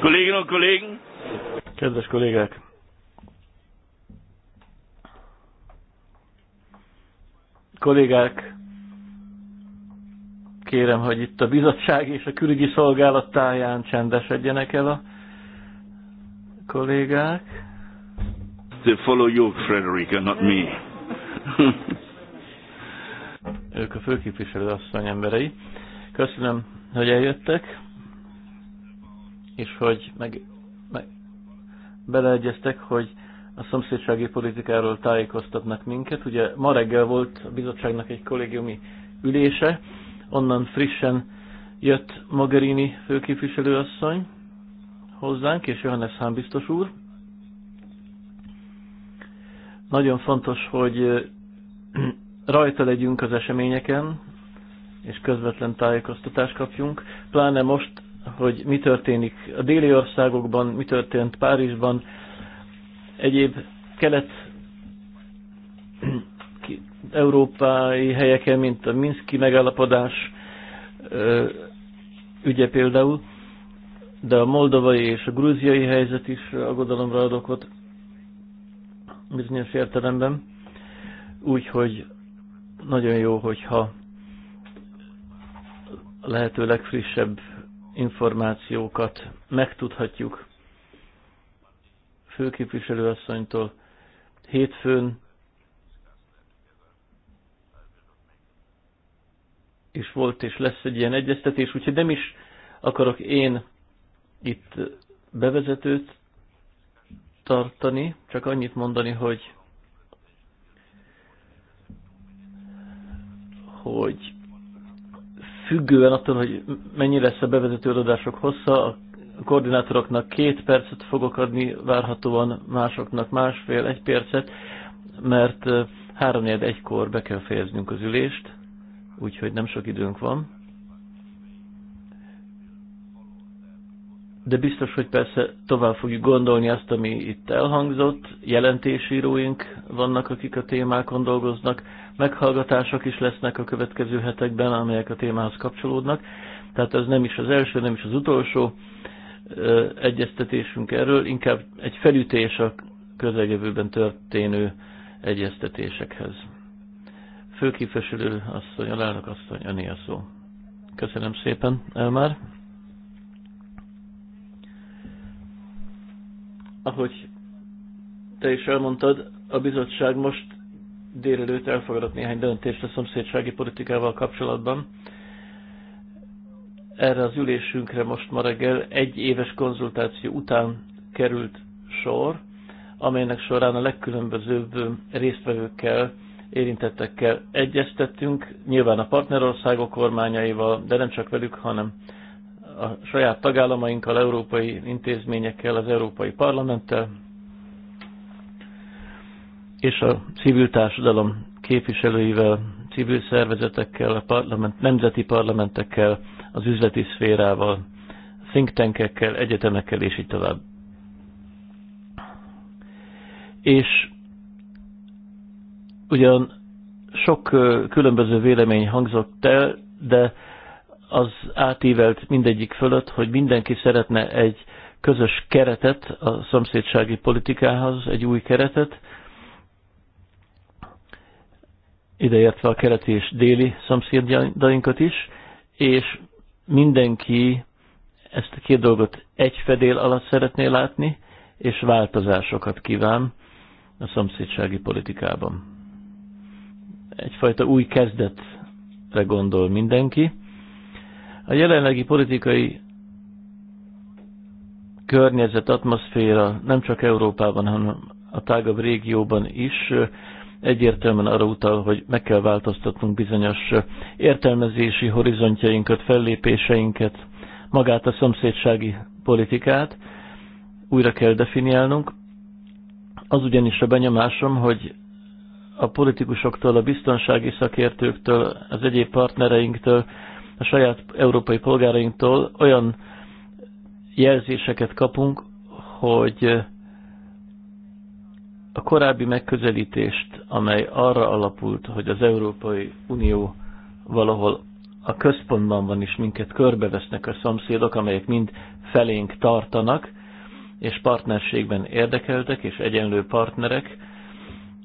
Kolleginnen und Kollegen! Kedves kollégák! Kollégák, kérem, hogy itt a bizottság és a külügyi szolgálat táján csendesedjenek el a kollégák. They follow you, Frederica, not me. ők a főképviselő asszony emberei. Köszönöm, hogy eljöttek és hogy meg, meg beleegyeztek, hogy a szomszédsági politikáról tájékoztatnak minket. Ugye ma reggel volt a bizottságnak egy kollégiumi ülése, onnan frissen jött Mogherini főképviselőasszony hozzánk, és Johannes Hán biztos úr. Nagyon fontos, hogy rajta legyünk az eseményeken, és közvetlen tájékoztatást kapjunk, pláne most hogy mi történik a déli országokban, mi történt Párizsban, egyéb kelet európai helyeken, mint a Minszki megállapodás ügye például, de a moldovai és a grúziai helyzet is aggodalomra ad okot bizonyos értelemben. Úgyhogy nagyon jó, hogyha lehető legfrissebb információkat megtudhatjuk főképviselőasszonytól hétfőn, és volt és lesz egy ilyen egyeztetés, úgyhogy nem is akarok én itt bevezetőt tartani, csak annyit mondani, hogy hogy függően attól, hogy mennyi lesz a bevezető adások hossza, a koordinátoroknak két percet fogok adni, várhatóan másoknak másfél, egy percet, mert háromnegyed egykor be kell fejeznünk az ülést, úgyhogy nem sok időnk van. de biztos, hogy persze tovább fogjuk gondolni azt, ami itt elhangzott. Jelentésíróink vannak, akik a témákon dolgoznak, meghallgatások is lesznek a következő hetekben, amelyek a témához kapcsolódnak. Tehát ez nem is az első, nem is az utolsó egyeztetésünk erről, inkább egy felütés a közeljövőben történő egyeztetésekhez. Főképviselő asszony, a lelnök asszony, a szó. Köszönöm szépen, Elmár. Ahogy te is elmondtad, a bizottság most délelőtt elfogadott néhány döntést a szomszédsági politikával kapcsolatban. Erre az ülésünkre most ma reggel egy éves konzultáció után került sor, amelynek során a legkülönbözőbb résztvevőkkel, érintettekkel egyeztettünk, nyilván a partnerországok kormányaival, de nem csak velük, hanem a saját tagállamainkkal, európai intézményekkel, az Európai Parlamenttel és a civil társadalom képviselőivel, civil szervezetekkel, a parlament, nemzeti parlamentekkel, az üzleti szférával, think tankekkel, egyetemekkel és így tovább. És ugyan sok különböző vélemény hangzott el, de az átívelt mindegyik fölött, hogy mindenki szeretne egy közös keretet a szomszédsági politikához, egy új keretet, ideértve a keret és déli szomszédjainkat is, és mindenki ezt a két dolgot egy fedél alatt szeretné látni, és változásokat kíván a szomszédsági politikában. Egyfajta új kezdetre gondol mindenki, a jelenlegi politikai környezet, atmoszféra nem csak Európában, hanem a tágabb régióban is egyértelműen arra utal, hogy meg kell változtatnunk bizonyos értelmezési horizontjainkat, fellépéseinket, magát a szomszédsági politikát újra kell definiálnunk. Az ugyanis a benyomásom, hogy a politikusoktól, a biztonsági szakértőktől, az egyéb partnereinktől a saját európai polgárainktól olyan jelzéseket kapunk, hogy a korábbi megközelítést, amely arra alapult, hogy az Európai Unió valahol a központban van, és minket körbevesznek a szomszédok, amelyek mind felénk tartanak, és partnerségben érdekeltek, és egyenlő partnerek,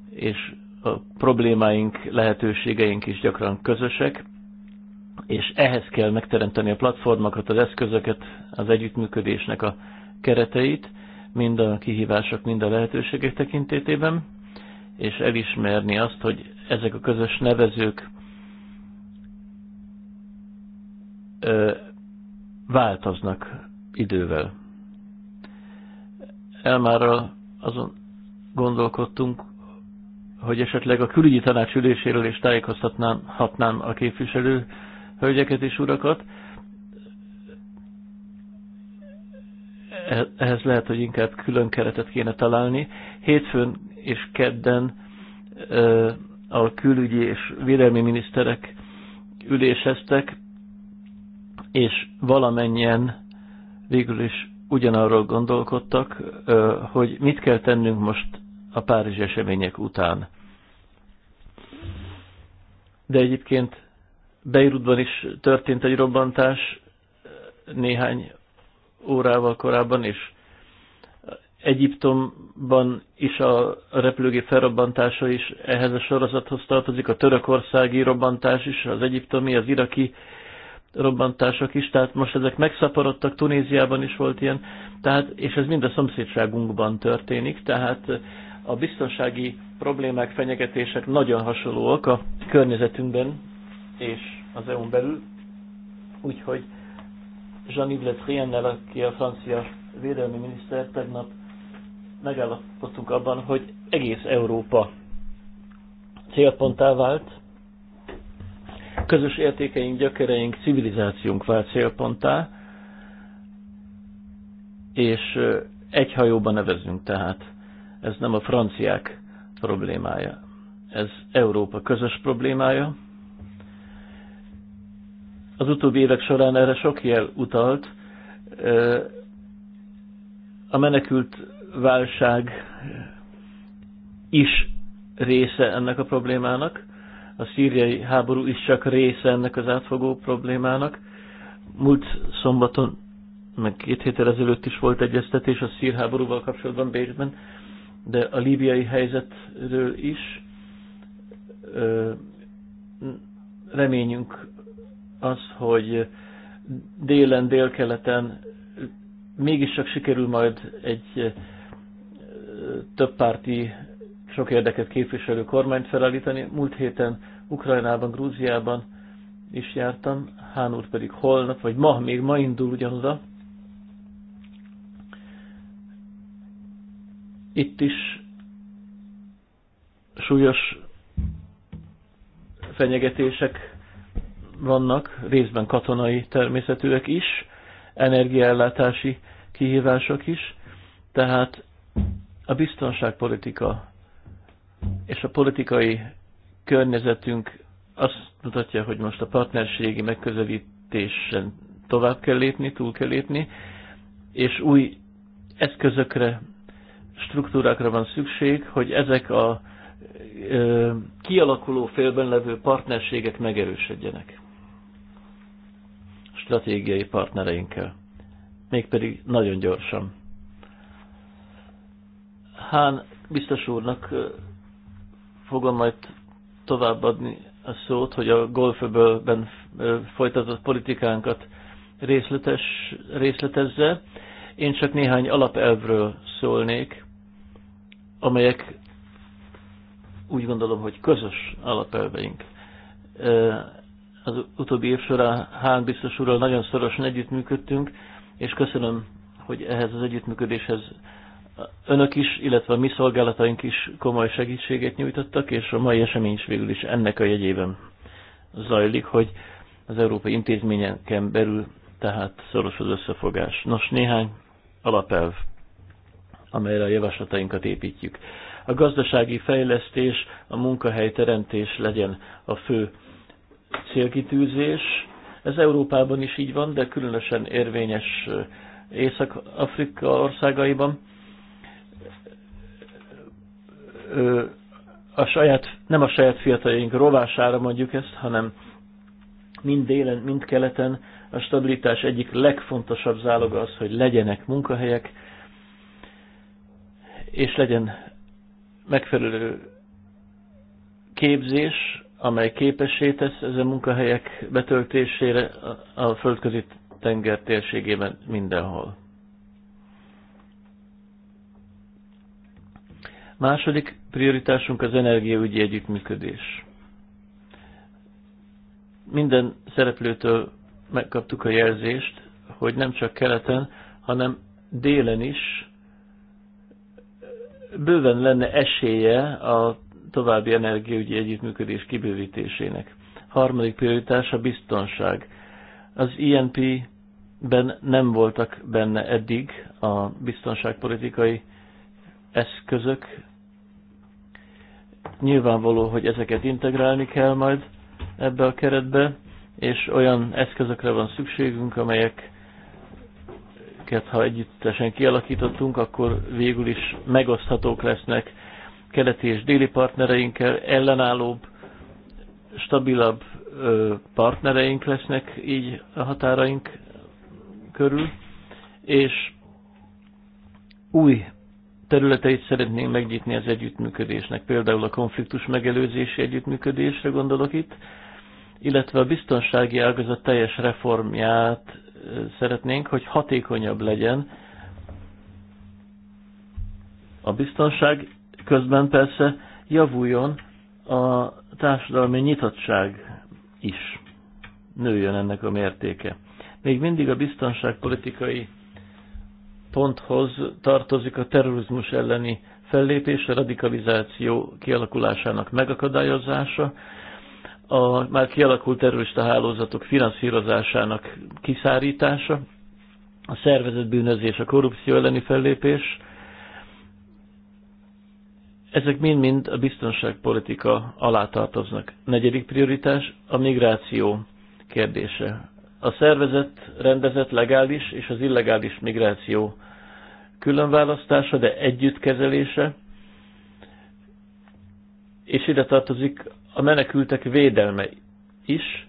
és a problémáink, lehetőségeink is gyakran közösek és ehhez kell megteremteni a platformokat, az eszközöket, az együttműködésnek a kereteit, mind a kihívások, mind a lehetőségek tekintetében, és elismerni azt, hogy ezek a közös nevezők ö, változnak idővel. Elmárral azon gondolkodtunk, hogy esetleg a külügyi tanács üléséről is tájékoztatnám hatnám a képviselő hölgyeket és urakat. Eh, ehhez lehet, hogy inkább külön keretet kéne találni. Hétfőn és kedden eh, a külügyi és védelmi miniszterek üléseztek, és valamennyien végül is ugyanarról gondolkodtak, eh, hogy mit kell tennünk most a párizsi események után. De egyébként Beirutban is történt egy robbantás néhány órával korábban, és Egyiptomban is a repülőgép felrobbantása is ehhez a sorozathoz tartozik, a törökországi robbantás is, az egyiptomi, az iraki robbantások is, tehát most ezek megszaporodtak, Tunéziában is volt ilyen, tehát, és ez mind a szomszédságunkban történik, tehát a biztonsági problémák, fenyegetések nagyon hasonlóak a környezetünkben, és az EU-n belül. Úgyhogy Jean-Yves Le aki a francia védelmi miniszter, tegnap megállapodtunk abban, hogy egész Európa célpontá vált, közös értékeink, gyökereink, civilizációnk vált célpontá, és egy hajóban nevezünk tehát. Ez nem a franciák problémája, ez Európa közös problémája, az utóbbi évek során erre sok jel utalt. A menekült válság is része ennek a problémának. A szíriai háború is csak része ennek az átfogó problémának. Múlt szombaton, meg két héttel ezelőtt is volt egyeztetés a szír háborúval kapcsolatban Bécsben, de a líbiai helyzetről is reményünk az, hogy délen, délkeleten mégis csak sikerül majd egy többpárti, sok érdeket képviselő kormányt felállítani. Múlt héten Ukrajnában, Grúziában is jártam, Hán úr pedig holnap, vagy ma, még ma indul ugyanoda. Itt is súlyos fenyegetések vannak, részben katonai természetűek is, energiaellátási kihívások is, tehát a biztonságpolitika és a politikai környezetünk azt mutatja, hogy most a partnerségi megközelítésen tovább kell lépni, túl kell lépni, és új eszközökre, struktúrákra van szükség, hogy ezek a kialakuló félben levő partnerségek megerősödjenek stratégiai partnereinkkel. Mégpedig nagyon gyorsan. Hán biztos úrnak fogom majd továbbadni a szót, hogy a golföbölben folytatott politikánkat részletes, részletezze. Én csak néhány alapelvről szólnék, amelyek úgy gondolom, hogy közös alapelveink az utóbbi év során Hán biztos úrral nagyon szorosan együttműködtünk, és köszönöm, hogy ehhez az együttműködéshez önök is, illetve a mi szolgálataink is komoly segítséget nyújtottak, és a mai esemény is végül is ennek a jegyében zajlik, hogy az európai intézményeken belül tehát szoros az összefogás. Nos, néhány alapelv, amelyre a javaslatainkat építjük. A gazdasági fejlesztés, a munkahelyteremtés legyen a fő célkitűzés. Ez Európában is így van, de különösen érvényes Észak-Afrika országaiban. A saját, nem a saját fiataljaink rovására mondjuk ezt, hanem mind délen, mind keleten a stabilitás egyik legfontosabb záloga az, hogy legyenek munkahelyek, és legyen megfelelő képzés, amely képessé tesz ezen munkahelyek betöltésére a földközi tenger térségében mindenhol. Második prioritásunk az energiaügyi együttműködés. Minden szereplőtől megkaptuk a jelzést, hogy nem csak keleten, hanem délen is bőven lenne esélye a további energiaügyi együttműködés kibővítésének. Harmadik prioritás a biztonság. Az INP-ben nem voltak benne eddig a biztonságpolitikai eszközök. Nyilvánvaló, hogy ezeket integrálni kell majd ebbe a keretbe, és olyan eszközökre van szükségünk, amelyek ha együttesen kialakítottunk, akkor végül is megoszthatók lesznek keleti és déli partnereinkkel ellenállóbb, stabilabb partnereink lesznek így a határaink körül, és új területeit szeretnénk megnyitni az együttműködésnek, például a konfliktus megelőzési együttműködésre gondolok itt, illetve a biztonsági ágazat teljes reformját szeretnénk, hogy hatékonyabb legyen a biztonság, közben persze javuljon a társadalmi nyitottság is. Nőjön ennek a mértéke. Még mindig a biztonságpolitikai ponthoz tartozik a terrorizmus elleni fellépés, a radikalizáció kialakulásának megakadályozása, a már kialakult terrorista hálózatok finanszírozásának kiszárítása, a szervezett bűnözés, a korrupció elleni fellépés, ezek mind-mind a biztonságpolitika alá tartoznak. Negyedik prioritás a migráció kérdése. A szervezet, rendezett legális és az illegális migráció különválasztása, de együttkezelése, és ide tartozik a menekültek védelme is.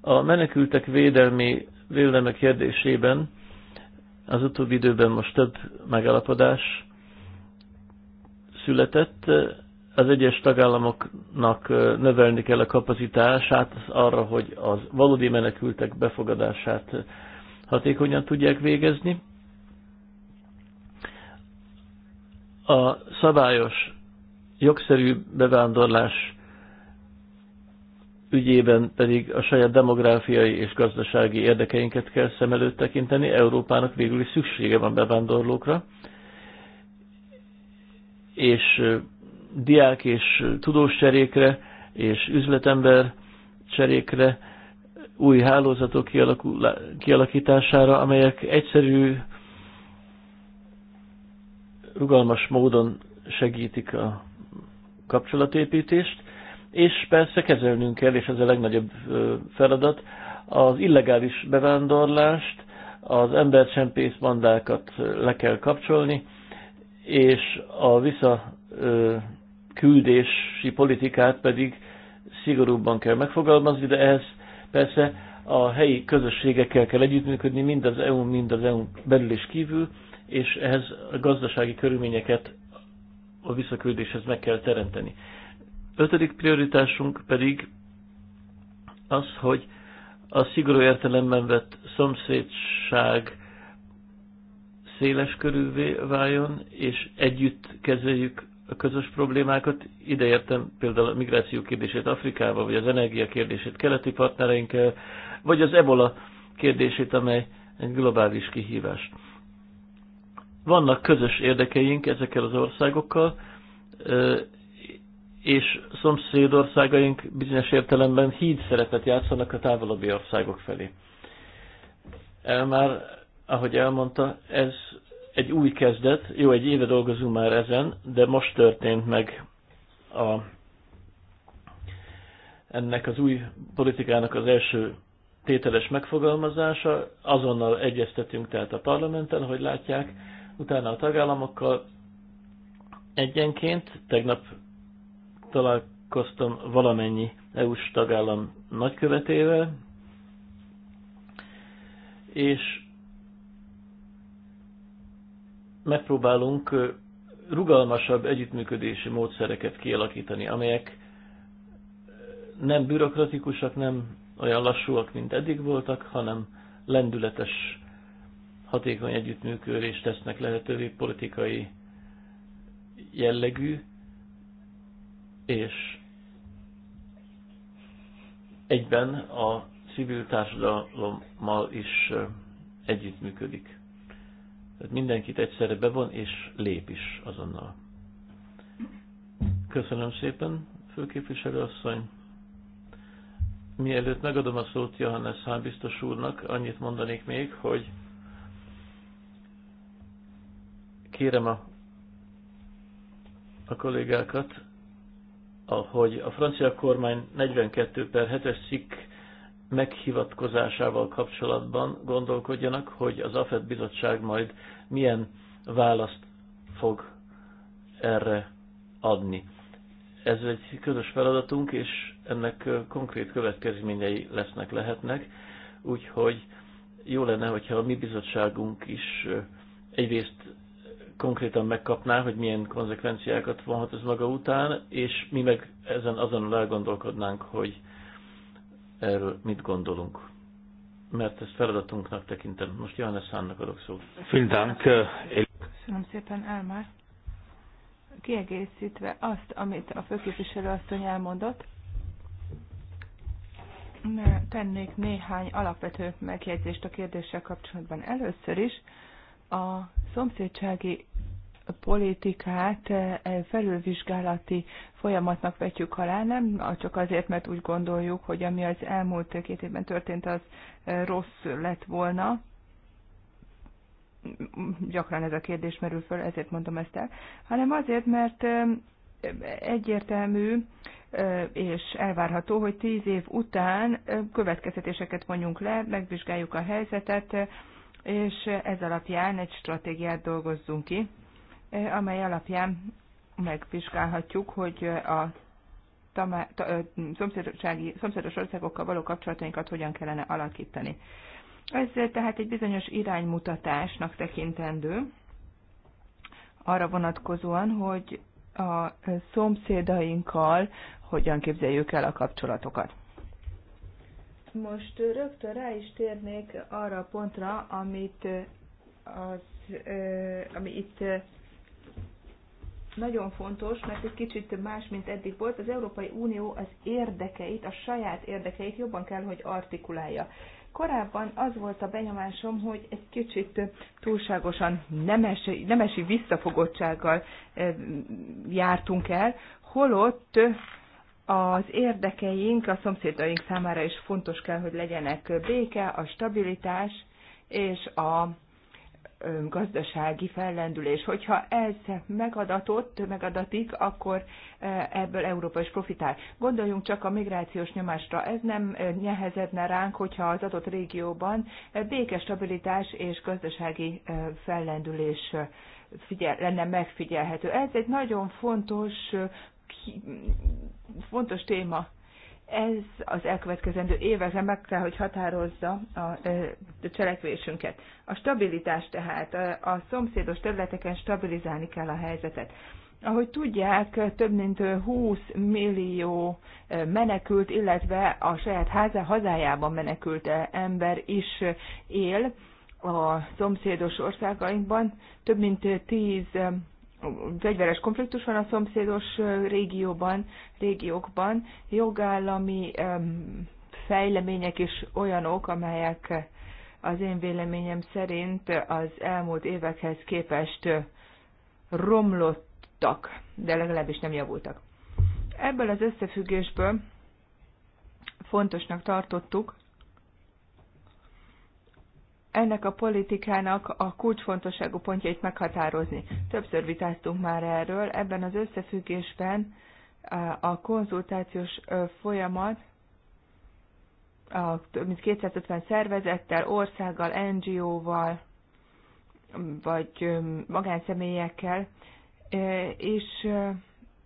A menekültek védelmi védelme kérdésében az utóbbi időben most több megállapodás született, az egyes tagállamoknak növelni kell a kapacitását arra, hogy az valódi menekültek befogadását hatékonyan tudják végezni. A szabályos, jogszerű bevándorlás ügyében pedig a saját demográfiai és gazdasági érdekeinket kell szem előtt tekinteni. Európának végül is szüksége van bevándorlókra és diák és tudós cserékre, és üzletember cserékre, új hálózatok kialakítására, amelyek egyszerű, rugalmas módon segítik a kapcsolatépítést, és persze kezelnünk kell, és ez a legnagyobb feladat, az illegális bevándorlást, az embercsempész bandákat le kell kapcsolni, és a visszaküldési politikát pedig szigorúbban kell megfogalmazni, de ehhez persze a helyi közösségekkel kell együttműködni, mind az EU, mind az EU belül és kívül, és ehhez a gazdasági körülményeket a visszaküldéshez meg kell teremteni. Ötödik prioritásunk pedig az, hogy a szigorú értelemben vett szomszédság széles körülvé váljon, és együtt kezeljük a közös problémákat. Ide értem például a migráció kérdését Afrikába, vagy az energia kérdését keleti partnereinkkel, vagy az ebola kérdését, amely egy globális kihívás. Vannak közös érdekeink ezekkel az országokkal, és szomszédországaink bizonyos értelemben híd szerepet játszanak a távolabbi országok felé. Már ahogy elmondta, ez egy új kezdet, jó, egy éve dolgozunk már ezen, de most történt meg a, ennek az új politikának az első tételes megfogalmazása, azonnal egyeztetünk tehát a parlamenten, hogy látják, utána a tagállamokkal egyenként, tegnap találkoztam valamennyi EU-s tagállam nagykövetével, és megpróbálunk rugalmasabb együttműködési módszereket kialakítani, amelyek nem bürokratikusak, nem olyan lassúak, mint eddig voltak, hanem lendületes, hatékony együttműködést tesznek lehetővé politikai jellegű, és egyben a civil társadalommal is együttműködik. Tehát mindenkit egyszerre bevon, és lép is azonnal. Köszönöm szépen, főképviselő asszony. Mielőtt megadom a szót Johannes Hán biztos úrnak, annyit mondanék még, hogy kérem a, a kollégákat, hogy a francia kormány 42 per 7-es cikk meghivatkozásával kapcsolatban gondolkodjanak, hogy az AFED bizottság majd milyen választ fog erre adni. Ez egy közös feladatunk, és ennek konkrét következményei lesznek, lehetnek, úgyhogy jó lenne, hogyha a mi bizottságunk is egyrészt konkrétan megkapná, hogy milyen konzekvenciákat vonhat ez maga után, és mi meg ezen azon elgondolkodnánk, hogy erről mit gondolunk. Mert ezt feladatunknak tekintem. Most Johannes Szánnak adok szót. Äh, Köszönöm szépen, Elmár. Kiegészítve azt, amit a főképviselő asszony elmondott, tennék néhány alapvető megjegyzést a kérdéssel kapcsolatban. Először is a szomszédsági politikát eh, felülvizsgálati folyamatnak vetjük alá, nem csak azért, mert úgy gondoljuk, hogy ami az elmúlt két évben történt, az eh, rossz lett volna. Gyakran ez a kérdés merül föl, ezért mondom ezt el, hanem azért, mert eh, egyértelmű és elvárható, hogy tíz év után következtetéseket vonjunk le, megvizsgáljuk a helyzetet, és ez alapján egy stratégiát dolgozzunk ki amely alapján megvizsgálhatjuk, hogy a tamá, ta, szomszédsági, szomszédos országokkal való kapcsolatainkat hogyan kellene alakítani. Ez tehát egy bizonyos iránymutatásnak tekintendő, arra vonatkozóan, hogy a szomszédainkkal hogyan képzeljük el a kapcsolatokat. Most rögtön rá is térnék arra a pontra, amit az, ami itt nagyon fontos, mert egy kicsit más, mint eddig volt. Az Európai Unió az érdekeit, a saját érdekeit jobban kell, hogy artikulálja. Korábban az volt a benyomásom, hogy egy kicsit túlságosan nemesi, nemesi visszafogottsággal eh, jártunk el, holott az érdekeink a szomszédaink számára is fontos kell, hogy legyenek béke, a stabilitás és a gazdasági fellendülés. Hogyha ez megadatott, megadatik, akkor ebből Európa is profitál. Gondoljunk csak a migrációs nyomásra. Ez nem nehezedne ránk, hogyha az adott régióban béke, stabilitás és gazdasági fellendülés figyel, lenne megfigyelhető. Ez egy nagyon fontos, fontos téma ez az elkövetkezendő években meg kell, hogy határozza a, a cselekvésünket. A stabilitás tehát, a szomszédos területeken stabilizálni kell a helyzetet. Ahogy tudják, több mint 20 millió menekült, illetve a saját háza, hazájában menekült ember is él a szomszédos országainkban. Több mint 10 fegyveres konfliktus van a szomszédos régióban, régiókban, jogállami fejlemények is olyanok, amelyek az én véleményem szerint az elmúlt évekhez képest romlottak, de legalábbis nem javultak. Ebből az összefüggésből fontosnak tartottuk, ennek a politikának a kulcsfontosságú pontjait meghatározni. Többször vitáztunk már erről, ebben az összefüggésben eh, a konzultációs eh, folyamat a több mint 250 szervezettel, országgal, NGO-val, vagy eh, magánszemélyekkel, és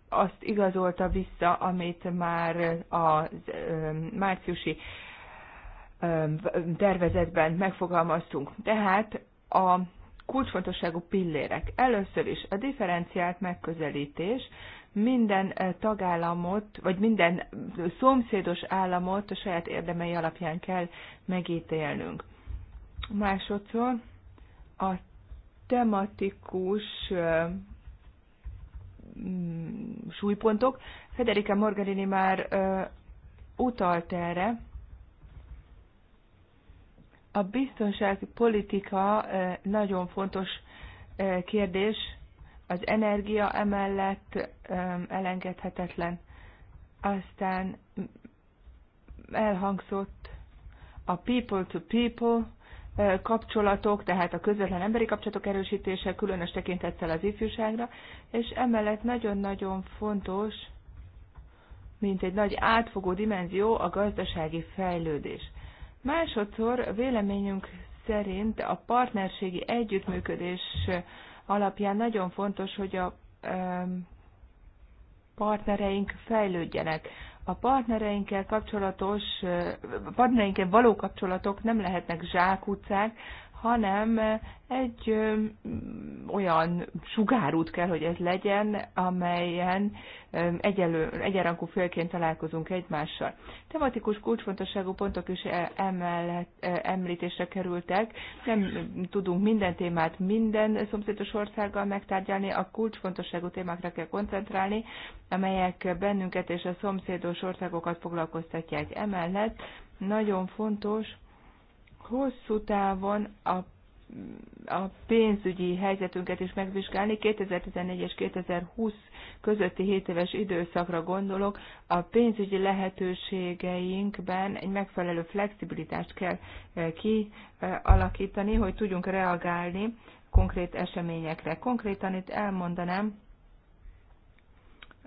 azt igazolta vissza, amit már a márciusi tervezetben megfogalmaztunk. Tehát a kulcsfontosságú pillérek. Először is a differenciált megközelítés minden tagállamot, vagy minden szomszédos államot a saját érdemei alapján kell megítélnünk. Másodszor a tematikus súlypontok. Federica Morgarini már utalt erre, a biztonsági politika eh, nagyon fontos eh, kérdés, az energia emellett eh, elengedhetetlen. Aztán elhangzott a people-to-people -people kapcsolatok, tehát a közvetlen emberi kapcsolatok erősítése, különös tekintettel az ifjúságra, és emellett nagyon-nagyon fontos, mint egy nagy átfogó dimenzió a gazdasági fejlődés. Másodszor véleményünk szerint a partnerségi együttműködés alapján nagyon fontos, hogy a partnereink fejlődjenek. A partnereinkkel kapcsolatos, partnereinkkel való kapcsolatok nem lehetnek zsákutcák, hanem egy ö, olyan sugárút kell, hogy ez legyen, amelyen ö, egyelő, egyenrankú félként találkozunk egymással. Tematikus kulcsfontosságú pontok is e, emellett, e, említésre kerültek. Nem tudunk minden témát minden szomszédos országgal megtárgyalni, a kulcsfontosságú témákra kell koncentrálni, amelyek bennünket és a szomszédos országokat foglalkoztatják. Emellett nagyon fontos, hosszú távon a a pénzügyi helyzetünket is megvizsgálni. 2014 és 2020 közötti 7 éves időszakra gondolok, a pénzügyi lehetőségeinkben egy megfelelő flexibilitást kell eh, kialakítani, hogy tudjunk reagálni konkrét eseményekre. Konkrétan itt elmondanám,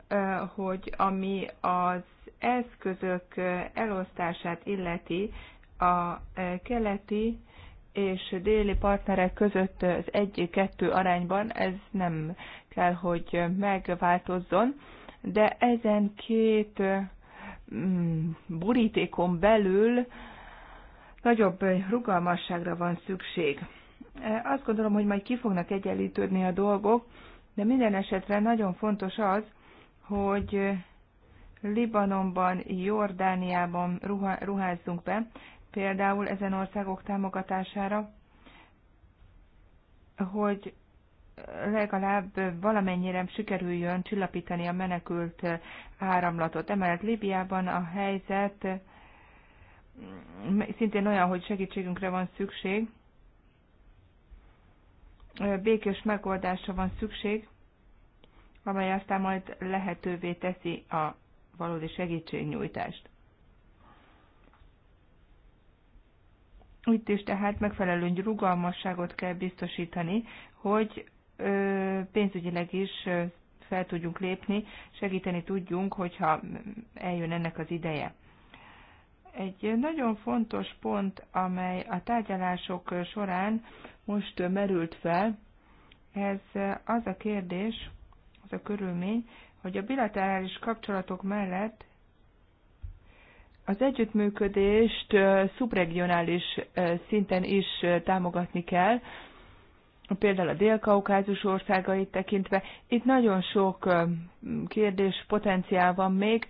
eh, hogy ami az eszközök eh, elosztását illeti, a e, keleti és déli partnerek között az egy-kettő arányban, ez nem kell, hogy megváltozzon, de ezen két mm, borítékon belül nagyobb rugalmasságra van szükség. E, azt gondolom, hogy majd ki fognak egyenlítődni a dolgok, de minden esetre nagyon fontos az, hogy Libanonban, Jordániában ruházzunk be, például ezen országok támogatására, hogy legalább valamennyire sikerüljön csillapítani a menekült áramlatot. Emellett Líbiában a helyzet szintén olyan, hogy segítségünkre van szükség, békés megoldásra van szükség, amely aztán majd lehetővé teszi a valódi segítségnyújtást. Itt is tehát megfelelő rugalmasságot kell biztosítani, hogy pénzügyileg is fel tudjunk lépni, segíteni tudjunk, hogyha eljön ennek az ideje. Egy nagyon fontos pont, amely a tárgyalások során most merült fel, ez az a kérdés, az a körülmény, hogy a bilaterális kapcsolatok mellett az együttműködést szubregionális szinten is támogatni kell, például a dél-kaukázus országait tekintve. Itt nagyon sok kérdés, potenciál van még,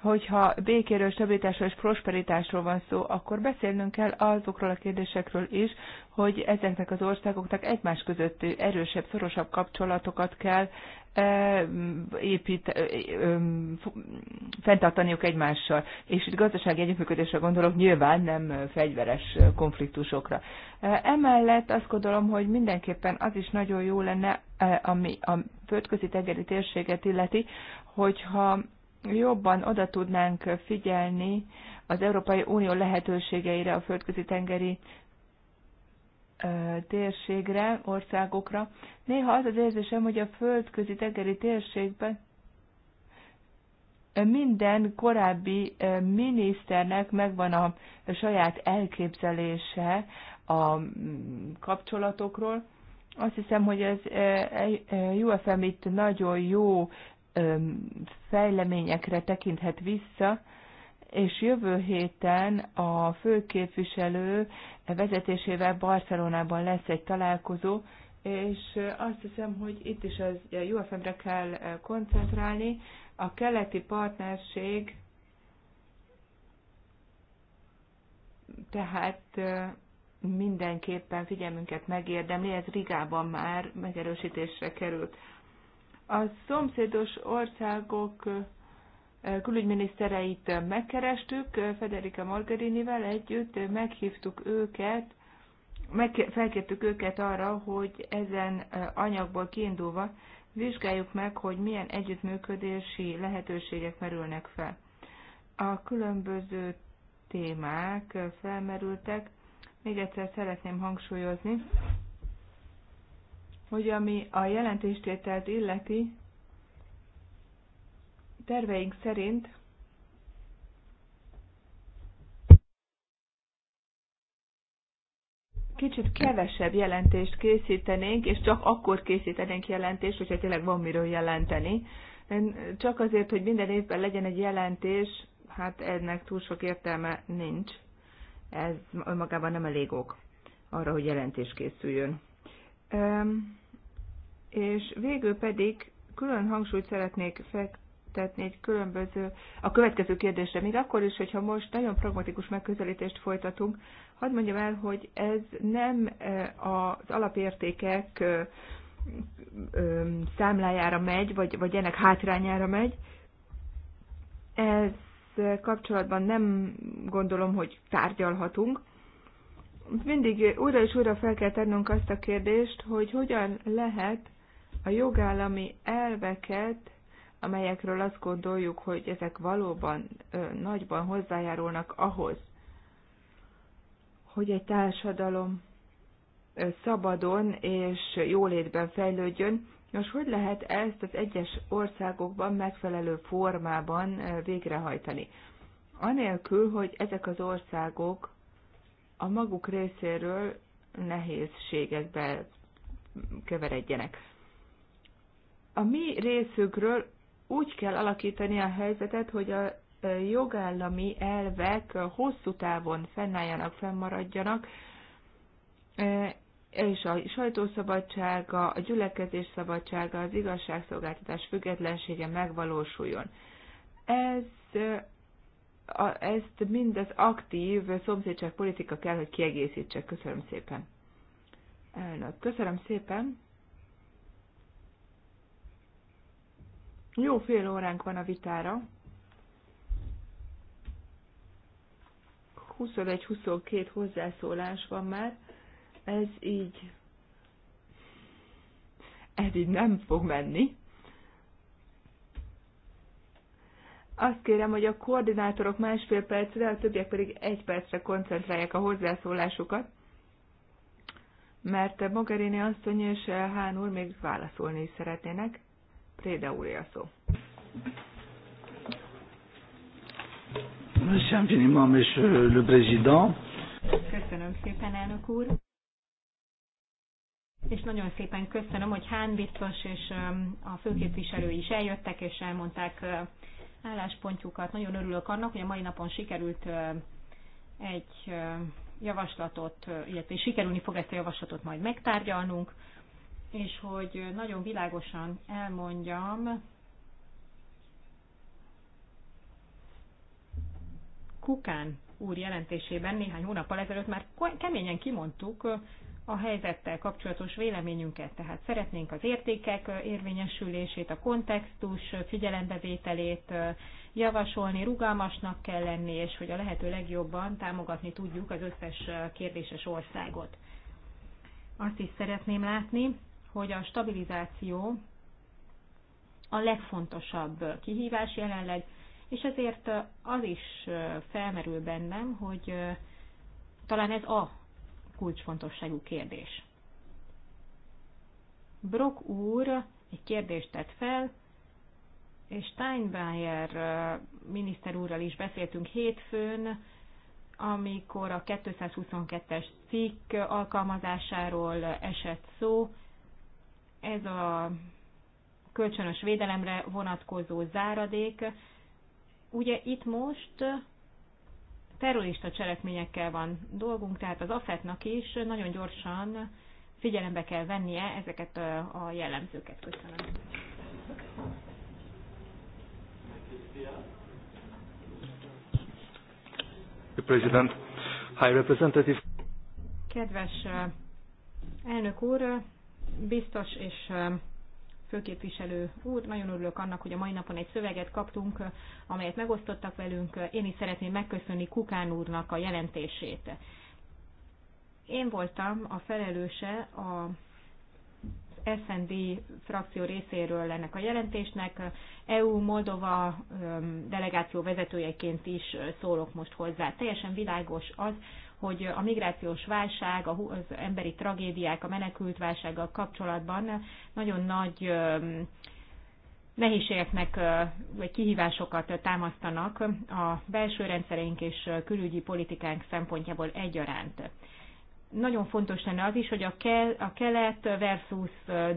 hogyha békéről, stabilitásról és prosperitásról van szó, akkor beszélnünk kell azokról a kérdésekről is, hogy ezeknek az országoknak egymás között erősebb, szorosabb kapcsolatokat kell épít, fenntartaniuk egymással. És itt gazdasági együttműködésre gondolok, nyilván nem fegyveres konfliktusokra. Emellett azt gondolom, hogy mindenképpen az is nagyon jó lenne, ami a földközi tengeri térséget illeti, hogyha jobban oda tudnánk figyelni az Európai Unió lehetőségeire a földközi tengeri térségre, országokra. Néha az az érzésem, hogy a földközi tengeri térségben minden korábbi miniszternek megvan a saját elképzelése a kapcsolatokról. Azt hiszem, hogy ez UFM itt nagyon jó fejleményekre tekinthet vissza, és jövő héten a főképviselő vezetésével Barcelonában lesz egy találkozó, és azt hiszem, hogy itt is az UFM-re kell koncentrálni. A keleti partnerség tehát mindenképpen figyelmünket megérdemli, ez Rigában már megerősítésre került. A szomszédos országok külügyminisztereit megkerestük, Federica Margarinivel együtt, meghívtuk őket, meg, felkértük őket arra, hogy ezen anyagból kiindulva vizsgáljuk meg, hogy milyen együttműködési lehetőségek merülnek fel. A különböző témák felmerültek. Még egyszer szeretném hangsúlyozni, hogy ami a jelentéstételt illeti, terveink szerint kicsit kevesebb jelentést készítenénk, és csak akkor készítenénk jelentést, hogyha tényleg van miről jelenteni. Csak azért, hogy minden évben legyen egy jelentés, hát ennek túl sok értelme nincs. Ez önmagában nem elég ok arra, hogy jelentés készüljön. És végül pedig külön hangsúlyt szeretnék fektetni, feltetni egy különböző, a következő kérdésre, még akkor is, hogyha most nagyon pragmatikus megközelítést folytatunk, hadd mondjam el, hogy ez nem e, az alapértékek számlájára megy, vagy, vagy ennek hátrányára megy. Ez kapcsolatban nem gondolom, hogy tárgyalhatunk. Mindig újra és újra fel kell tennünk azt a kérdést, hogy hogyan lehet a jogállami elveket amelyekről azt gondoljuk, hogy ezek valóban nagyban hozzájárulnak ahhoz, hogy egy társadalom szabadon és jólétben fejlődjön. Nos, hogy lehet ezt az egyes országokban megfelelő formában végrehajtani? Anélkül, hogy ezek az országok a maguk részéről nehézségekbe keveredjenek. A mi részükről úgy kell alakítani a helyzetet, hogy a jogállami elvek hosszú távon fennálljanak, fennmaradjanak, és a sajtószabadsága, a gyülekezés szabadsága, az igazságszolgáltatás függetlensége megvalósuljon. Ez, a, ezt mind az aktív szomszédságpolitika kell, hogy kiegészítse. Köszönöm szépen. Elnök, köszönöm szépen. Jó fél óránk van a vitára. 21-22 hozzászólás van már. Ez így... Ez így nem fog menni. Azt kérem, hogy a koordinátorok másfél percre, a többiek pedig egy percre koncentrálják a hozzászólásukat, mert Mogherini asszony és Hán úr még válaszolni is szeretnének. Préda úr szó. Köszönöm szépen, elnök úr. És nagyon szépen köszönöm, hogy Hán biztos és um, a főképviselő is eljöttek és elmondták uh, álláspontjukat. Nagyon örülök annak, hogy a mai napon sikerült uh, egy uh, javaslatot, illetve sikerülni fog ezt a javaslatot majd megtárgyalnunk és hogy nagyon világosan elmondjam, Kukán úr jelentésében néhány hónappal ezelőtt már keményen kimondtuk a helyzettel kapcsolatos véleményünket. Tehát szeretnénk az értékek érvényesülését, a kontextus figyelembevételét javasolni, rugalmasnak kell lenni, és hogy a lehető legjobban támogatni tudjuk az összes kérdéses országot. Azt is szeretném látni, hogy a stabilizáció a legfontosabb kihívás jelenleg, és ezért az is felmerül bennem, hogy talán ez a kulcsfontosságú kérdés. Brock úr egy kérdést tett fel, és Steinmeier miniszter úrral is beszéltünk hétfőn, amikor a 222-es cikk alkalmazásáról esett szó, ez a kölcsönös védelemre vonatkozó záradék, ugye itt most terrorista cselekményekkel van dolgunk, tehát az AFET-nak is nagyon gyorsan figyelembe kell vennie ezeket a jellemzőket. Köszönöm. President, High Representative. Kedves uh, elnök úr, biztos és um, főképviselő úr, nagyon örülök annak, hogy a mai napon egy szöveget kaptunk, uh, amelyet megosztottak velünk. Uh, én is szeretném megköszönni Kukán úrnak a jelentését. Én voltam a felelőse a SND frakció részéről ennek a jelentésnek. EU Moldova um, delegáció vezetőjeként is uh, szólok most hozzá. Teljesen világos az, hogy a migrációs válság, az emberi tragédiák, a menekült válsággal kapcsolatban nagyon nagy nehézségeknek vagy kihívásokat támasztanak a belső rendszereink és külügyi politikánk szempontjából egyaránt. Nagyon fontos lenne az is, hogy a, a kelet versus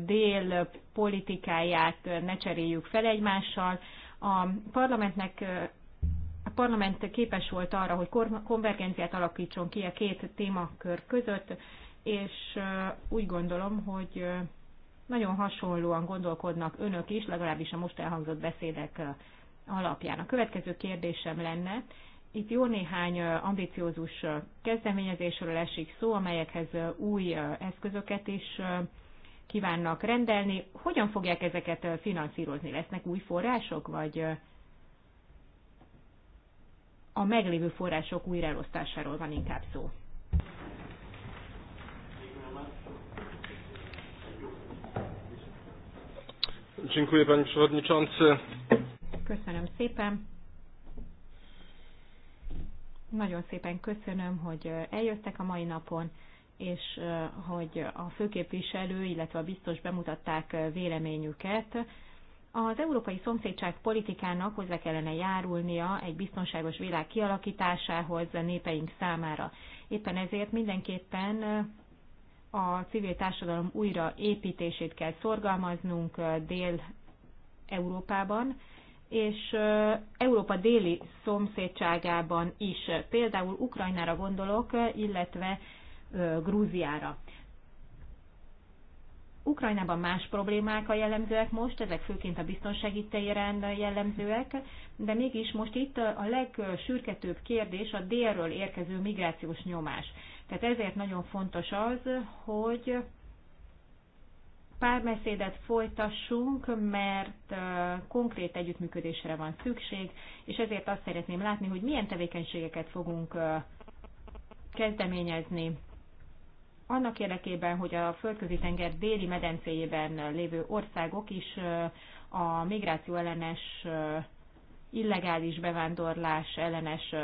dél politikáját ne cseréljük fel egymással. A parlamentnek parlament képes volt arra, hogy konvergenciát alakítson ki a két témakör között, és úgy gondolom, hogy nagyon hasonlóan gondolkodnak önök is, legalábbis a most elhangzott beszédek alapján. A következő kérdésem lenne, itt jó néhány ambiciózus kezdeményezésről esik szó, amelyekhez új eszközöket is kívánnak rendelni. Hogyan fogják ezeket finanszírozni? Lesznek új források, vagy a meglévő források újraelosztásáról van inkább szó. Dziękuję Przewodniczący. Köszönöm szépen. Nagyon szépen köszönöm, hogy eljöttek a mai napon, és eh, hogy a főképviselő, illetve a biztos bemutatták eh, véleményüket az európai szomszédság politikának hozzá kellene járulnia egy biztonságos világ kialakításához a népeink számára. Éppen ezért mindenképpen a civil társadalom újraépítését kell szorgalmaznunk Dél-Európában, és Európa déli szomszédságában is, például Ukrajnára gondolok, illetve Grúziára. Ukrajnában más problémák a jellemzőek most, ezek főként a biztonsági téren jellemzőek, de mégis most itt a legsürketőbb kérdés a délről érkező migrációs nyomás. Tehát ezért nagyon fontos az, hogy párbeszédet folytassunk, mert konkrét együttműködésre van szükség, és ezért azt szeretném látni, hogy milyen tevékenységeket fogunk kezdeményezni annak érdekében, hogy a földközi tenger déli medencéjében lévő országok is a migráció ellenes illegális bevándorlás ellenes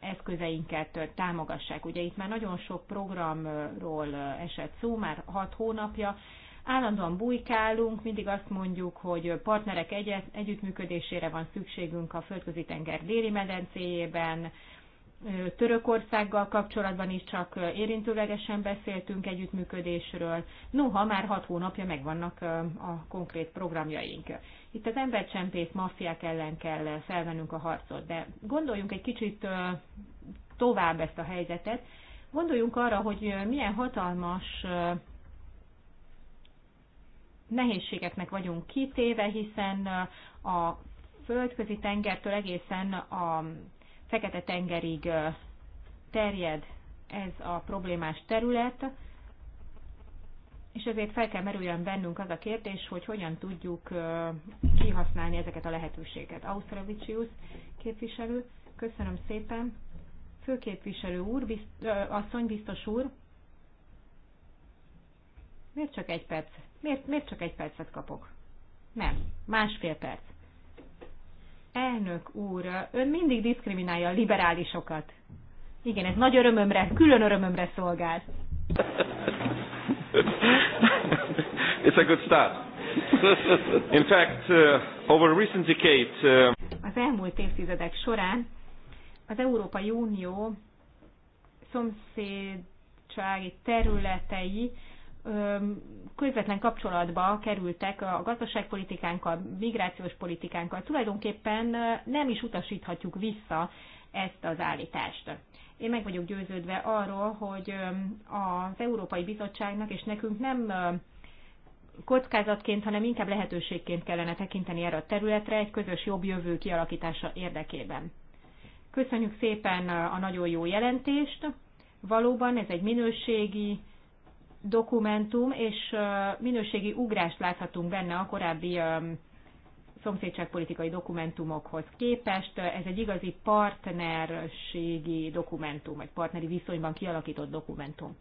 eszközeinket támogassák. Ugye itt már nagyon sok programról esett szó, már hat hónapja, állandóan bujkálunk, mindig azt mondjuk, hogy partnerek egy- együttműködésére van szükségünk a földközi tenger déli medencéjében, Törökországgal kapcsolatban is csak érintőlegesen beszéltünk együttműködésről. Noha már hat hónapja megvannak a konkrét programjaink. Itt az embercsempész maffiák ellen kell felvennünk a harcot, de gondoljunk egy kicsit tovább ezt a helyzetet. Gondoljunk arra, hogy milyen hatalmas nehézségeknek vagyunk kitéve, hiszen a földközi tengertől egészen a Fekete-tengerig terjed ez a problémás terület, és ezért fel kell merüljön bennünk az a kérdés, hogy hogyan tudjuk kihasználni ezeket a lehetőséget. Ausztravicius képviselő, köszönöm szépen. Főképviselő úr, biztos, asszony, biztos úr, miért csak egy perc? Miért, miért csak egy percet kapok? Nem, másfél perc. Elnök úr, ön mindig diszkriminálja a liberálisokat. Igen, ez nagy örömömre, külön örömömre szolgál. It's a good start. In fact, uh, over recent decade, uh... Az elmúlt évtizedek során az Európai Unió szomszédsági területei közvetlen kapcsolatba kerültek a gazdaságpolitikánkkal, migrációs politikánkkal. Tulajdonképpen nem is utasíthatjuk vissza ezt az állítást. Én meg vagyok győződve arról, hogy az Európai Bizottságnak és nekünk nem kockázatként, hanem inkább lehetőségként kellene tekinteni erre a területre egy közös jobb jövő kialakítása érdekében. Köszönjük szépen a nagyon jó jelentést. Valóban ez egy minőségi, dokumentum, és minőségi ugrást láthatunk benne a korábbi szomszédságpolitikai dokumentumokhoz képest. Ez egy igazi partnerségi dokumentum, egy partneri viszonyban kialakított dokumentum.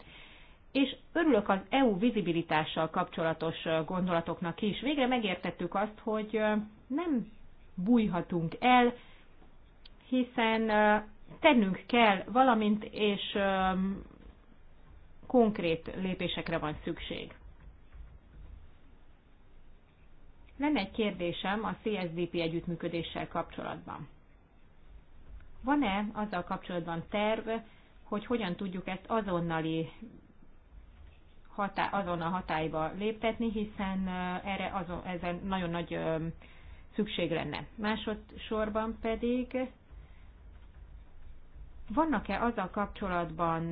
És örülök az EU vizibilitással kapcsolatos gondolatoknak is. Végre megértettük azt, hogy nem bújhatunk el, hiszen tennünk kell valamint, és konkrét lépésekre van szükség. Lenne egy kérdésem a CSDP együttműködéssel kapcsolatban. Van-e azzal kapcsolatban terv, hogy hogyan tudjuk ezt azonnali hatá, azonnal hatályba léptetni, hiszen erre azon, ezen nagyon nagy szükség lenne. Másodszorban pedig vannak-e azzal kapcsolatban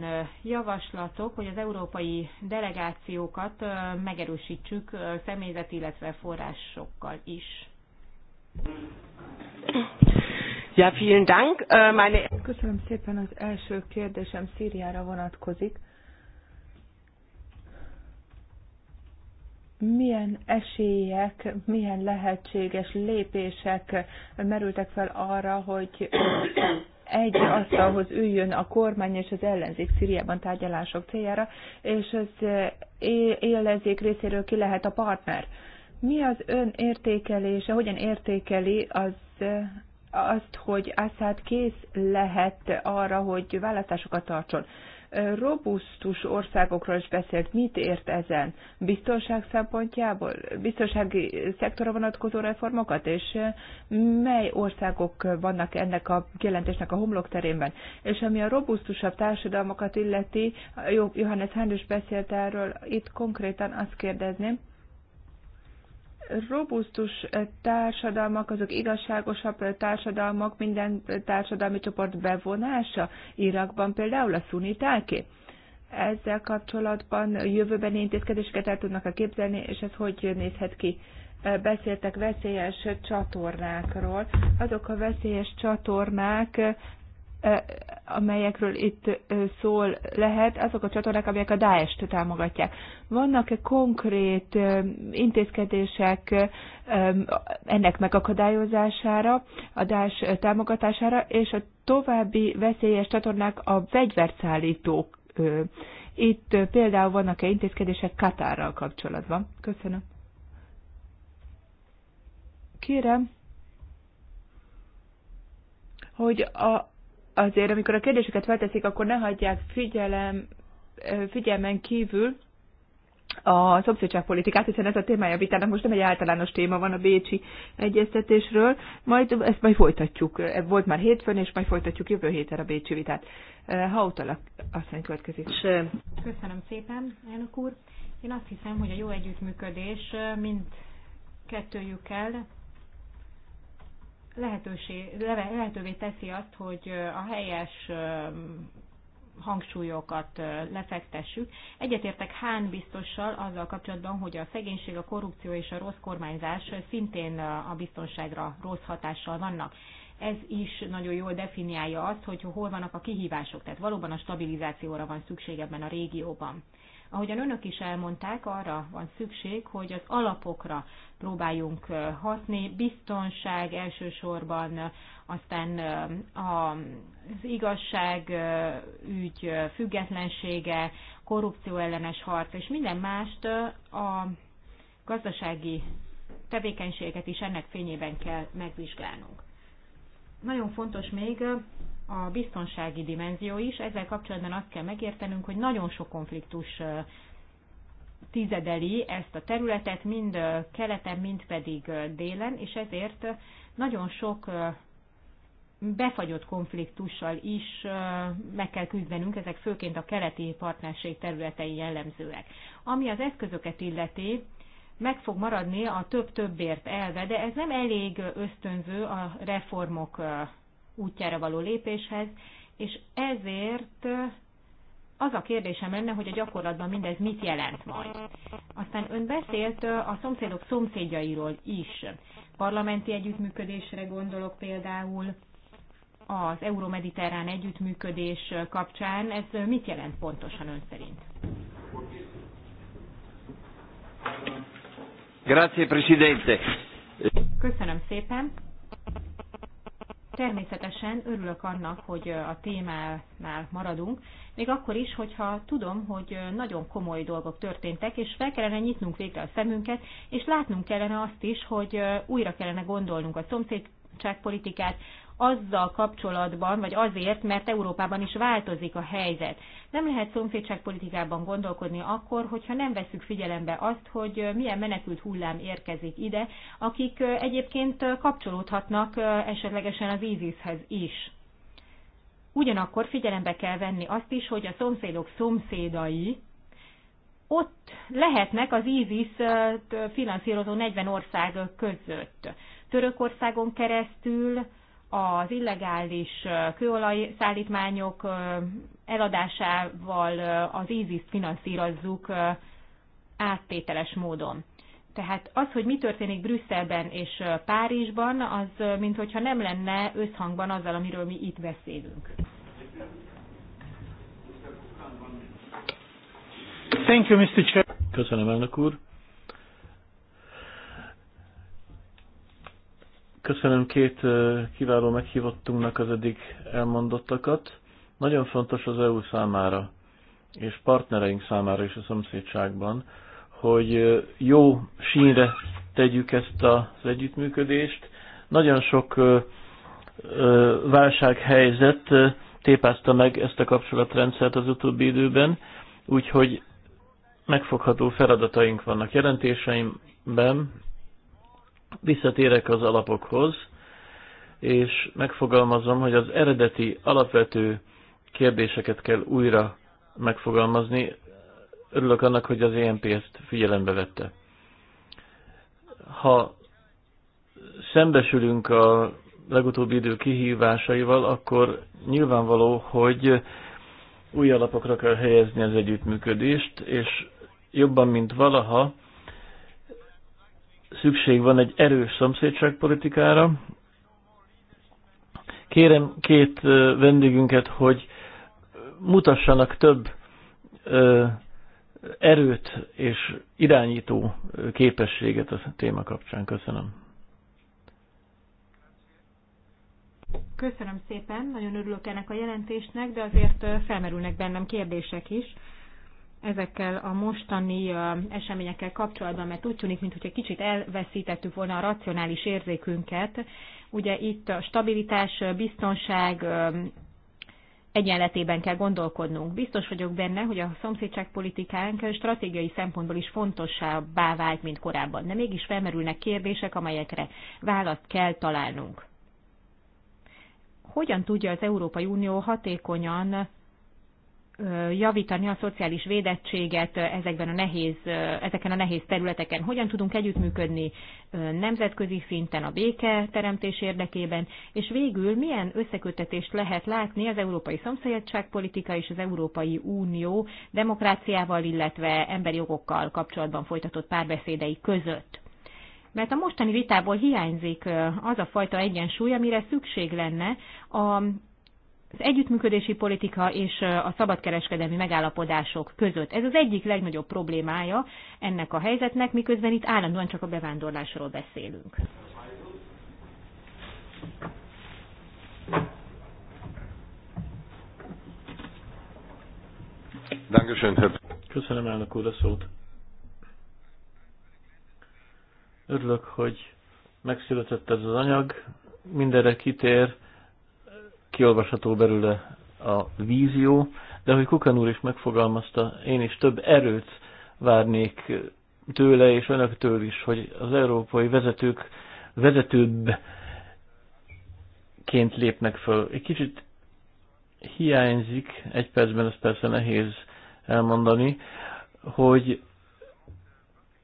javaslatok, hogy az európai delegációkat megerősítsük személyzet, illetve forrásokkal is? Ja, vielen Dank. Meine... Köszönöm szépen, az első kérdésem Szíriára vonatkozik. milyen esélyek, milyen lehetséges lépések merültek fel arra, hogy egy asztalhoz üljön a kormány és az ellenzék Szíriában tárgyalások céljára, és az e, élezék részéről ki lehet a partner. Mi az ön értékelése, hogyan értékeli az e, azt, hogy Assad kész lehet arra, hogy választásokat tartson robusztus országokról is beszélt. Mit ért ezen? Biztonság szempontjából? Biztonsági szektora vonatkozó reformokat? És mely országok vannak ennek a jelentésnek a homlokterében? És ami a robusztusabb társadalmakat illeti, Johannes Hán is beszélt erről, itt konkrétan azt kérdezném, robusztus társadalmak, azok igazságosabb társadalmak, minden társadalmi csoport bevonása, Irakban például a szunitáké. Ezzel kapcsolatban jövőben intézkedéseket el tudnak-e képzelni, és ez hogy nézhet ki? beszéltek veszélyes csatornákról. Azok a veszélyes csatornák amelyekről itt szól lehet, azok a csatornák, amelyek a Daest támogatják. Vannak-e konkrét intézkedések ennek megakadályozására, a Daesh támogatására, és a további veszélyes csatornák a fegyverszállítók. Itt például vannak-e intézkedések Katárral kapcsolatban? Köszönöm. Kérem, hogy a azért, amikor a kérdéseket felteszik, akkor ne hagyják figyelem, figyelmen kívül a szomszédságpolitikát, hiszen ez a témája vitának most nem egy általános téma van a Bécsi egyeztetésről, majd ezt majd folytatjuk. E, volt már hétfőn, és majd folytatjuk jövő héten a Bécsi vitát. Ha e, Hautala asszony következik. Köszönöm szépen, elnök úr. Én azt hiszem, hogy a jó együttműködés mind kettőjükkel lehetőség, lehetővé teszi azt, hogy a helyes hangsúlyokat lefektessük. Egyetértek Hán biztossal azzal kapcsolatban, hogy a szegénység, a korrupció és a rossz kormányzás szintén a biztonságra rossz hatással vannak. Ez is nagyon jól definiálja azt, hogy hol vannak a kihívások, tehát valóban a stabilizációra van szükség ebben a régióban. Ahogyan önök is elmondták, arra van szükség, hogy az alapokra próbáljunk hatni, biztonság elsősorban, aztán az igazság ügy függetlensége, korrupció ellenes harc, és minden mást a gazdasági tevékenységet is ennek fényében kell megvizsgálnunk. Nagyon fontos még a biztonsági dimenzió is. Ezzel kapcsolatban azt kell megértenünk, hogy nagyon sok konfliktus tizedeli ezt a területet, mind keleten, mind pedig délen, és ezért nagyon sok befagyott konfliktussal is meg kell küzdenünk, ezek főként a keleti partnerség területei jellemzőek. Ami az eszközöket illeti, meg fog maradni a több-többért elve, de ez nem elég ösztönző a reformok útjára való lépéshez, és ezért az a kérdésem lenne, hogy a gyakorlatban mindez mit jelent majd. Aztán ön beszélt a szomszédok szomszédjairól is. Parlamenti együttműködésre gondolok például az euromediterrán együttműködés kapcsán. Ez mit jelent pontosan ön szerint? Grazie, Presidente. Köszönöm szépen. Természetesen örülök annak, hogy a témánál maradunk, még akkor is, hogyha tudom, hogy nagyon komoly dolgok történtek, és fel kellene nyitnunk végre a szemünket, és látnunk kellene azt is, hogy újra kellene gondolnunk a szomszédságpolitikát, azzal kapcsolatban, vagy azért, mert Európában is változik a helyzet. Nem lehet szomszédságpolitikában gondolkodni akkor, hogyha nem veszük figyelembe azt, hogy milyen menekült hullám érkezik ide, akik egyébként kapcsolódhatnak esetlegesen az ISIS-hez is. Ugyanakkor figyelembe kell venni azt is, hogy a szomszédok szomszédai, ott lehetnek az ISIS finanszírozó 40 ország között. Törökországon keresztül az illegális kőolaj szállítmányok eladásával az isis finanszírozzuk áttételes módon. Tehát az, hogy mi történik Brüsszelben és Párizsban, az minthogyha nem lenne összhangban azzal, amiről mi itt beszélünk. Thank you, Mr. Chair. Köszönöm, elnök úr. Köszönöm két kiváló meghívottunknak az eddig elmondottakat. Nagyon fontos az EU számára, és partnereink számára is a szomszédságban, hogy jó sínre tegyük ezt az együttműködést. Nagyon sok válsághelyzet tépázta meg ezt a kapcsolatrendszert az utóbbi időben, úgyhogy megfogható feladataink vannak jelentéseimben, Visszatérek az alapokhoz, és megfogalmazom, hogy az eredeti alapvető kérdéseket kell újra megfogalmazni. Örülök annak, hogy az EMP ezt figyelembe vette. Ha szembesülünk a legutóbbi idő kihívásaival, akkor nyilvánvaló, hogy új alapokra kell helyezni az együttműködést, és jobban, mint valaha, szükség van egy erős szomszédságpolitikára. Kérem két vendégünket, hogy mutassanak több erőt és irányító képességet a téma kapcsán. Köszönöm. Köszönöm szépen, nagyon örülök ennek a jelentésnek, de azért felmerülnek bennem kérdések is ezekkel a mostani eseményekkel kapcsolatban, mert úgy tűnik, mintha kicsit elveszítettük volna a racionális érzékünket. Ugye itt a stabilitás, biztonság egyenletében kell gondolkodnunk. Biztos vagyok benne, hogy a szomszédságpolitikánk stratégiai szempontból is fontosabbá vált, mint korábban, de mégis felmerülnek kérdések, amelyekre választ kell találnunk. Hogyan tudja az Európai Unió hatékonyan javítani a szociális védettséget ezekben a nehéz, ezeken a nehéz területeken? Hogyan tudunk együttműködni nemzetközi szinten a béke teremtés érdekében? És végül milyen összekötetést lehet látni az európai szomszédságpolitika és az Európai Unió demokráciával, illetve emberi jogokkal kapcsolatban folytatott párbeszédei között? mert a mostani vitából hiányzik az a fajta egyensúly, amire szükség lenne a az együttműködési politika és a szabadkereskedelmi megállapodások között. Ez az egyik legnagyobb problémája ennek a helyzetnek, miközben itt állandóan csak a bevándorlásról beszélünk. Köszönöm elnök úr a szót. Örülök, hogy megszületett ez az anyag, mindenre kitér, kiolvasható belőle a vízió, de hogy Kukan úr is megfogalmazta, én is több erőt várnék tőle és önöktől is, hogy az európai vezetők vezetőbb ként lépnek föl. Egy kicsit hiányzik, egy percben ez persze nehéz elmondani, hogy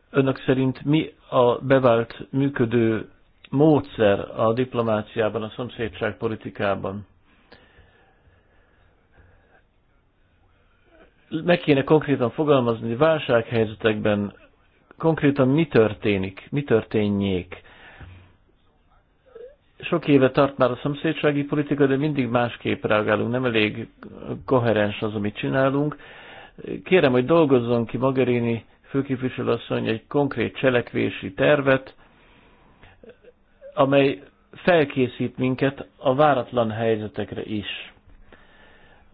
önök szerint mi a bevált működő módszer a diplomáciában, a szomszédságpolitikában? meg kéne konkrétan fogalmazni, hogy válsághelyzetekben konkrétan mi történik, mi történjék. Sok éve tart már a szomszédsági politika, de mindig másképp reagálunk, nem elég koherens az, amit csinálunk. Kérem, hogy dolgozzon ki Magarini főképviselőasszony egy konkrét cselekvési tervet, amely felkészít minket a váratlan helyzetekre is.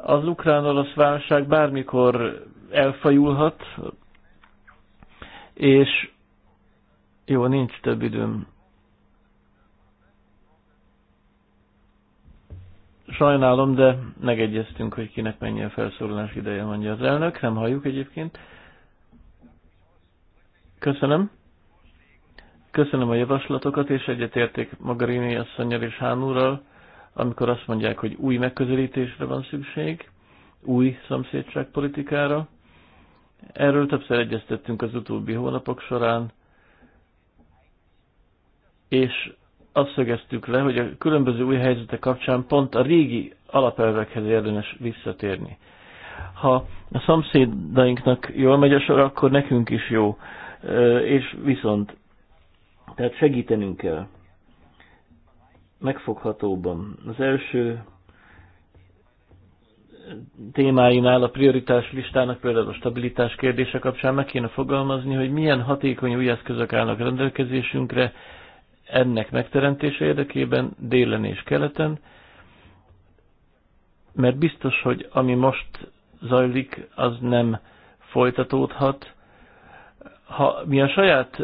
Az ukrán-orosz válság bármikor elfajulhat, és jó, nincs több időm. Sajnálom, de megegyeztünk, hogy kinek mennyi a felszólalás ideje, mondja az elnök. Nem halljuk egyébként. Köszönöm. Köszönöm a javaslatokat, és egyetérték Magarini asszonyjal és Hánúrral amikor azt mondják, hogy új megközelítésre van szükség, új szomszédságpolitikára. Erről többször egyeztettünk az utóbbi hónapok során, és azt szögeztük le, hogy a különböző új helyzetek kapcsán pont a régi alapelvekhez érdemes visszatérni. Ha a szomszédainknak jól megy a sor, akkor nekünk is jó, és viszont, tehát segítenünk kell megfoghatóban. Az első témáinál a prioritás listának, például a stabilitás kérdése kapcsán meg kéne fogalmazni, hogy milyen hatékony új eszközök állnak rendelkezésünkre ennek megteremtése érdekében délen és keleten, mert biztos, hogy ami most zajlik, az nem folytatódhat, ha mi a saját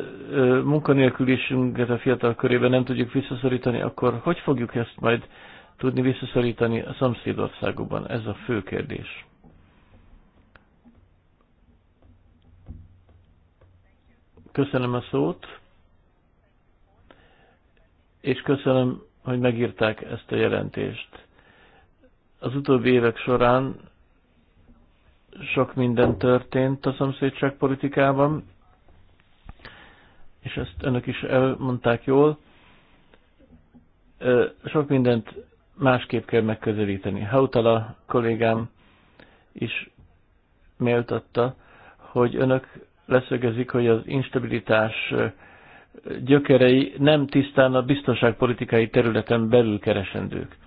munkanélkülésünket a fiatal körében nem tudjuk visszaszorítani, akkor hogy fogjuk ezt majd tudni visszaszorítani a szomszédországokban? Ez a fő kérdés. Köszönöm a szót, és köszönöm, hogy megírták ezt a jelentést. Az utóbbi évek során sok minden történt a szomszédságpolitikában, és ezt önök is elmondták jól, sok mindent másképp kell megközelíteni. Hautala kollégám is méltatta, hogy önök leszögezik, hogy az instabilitás gyökerei nem tisztán a biztonságpolitikai területen belül keresendők.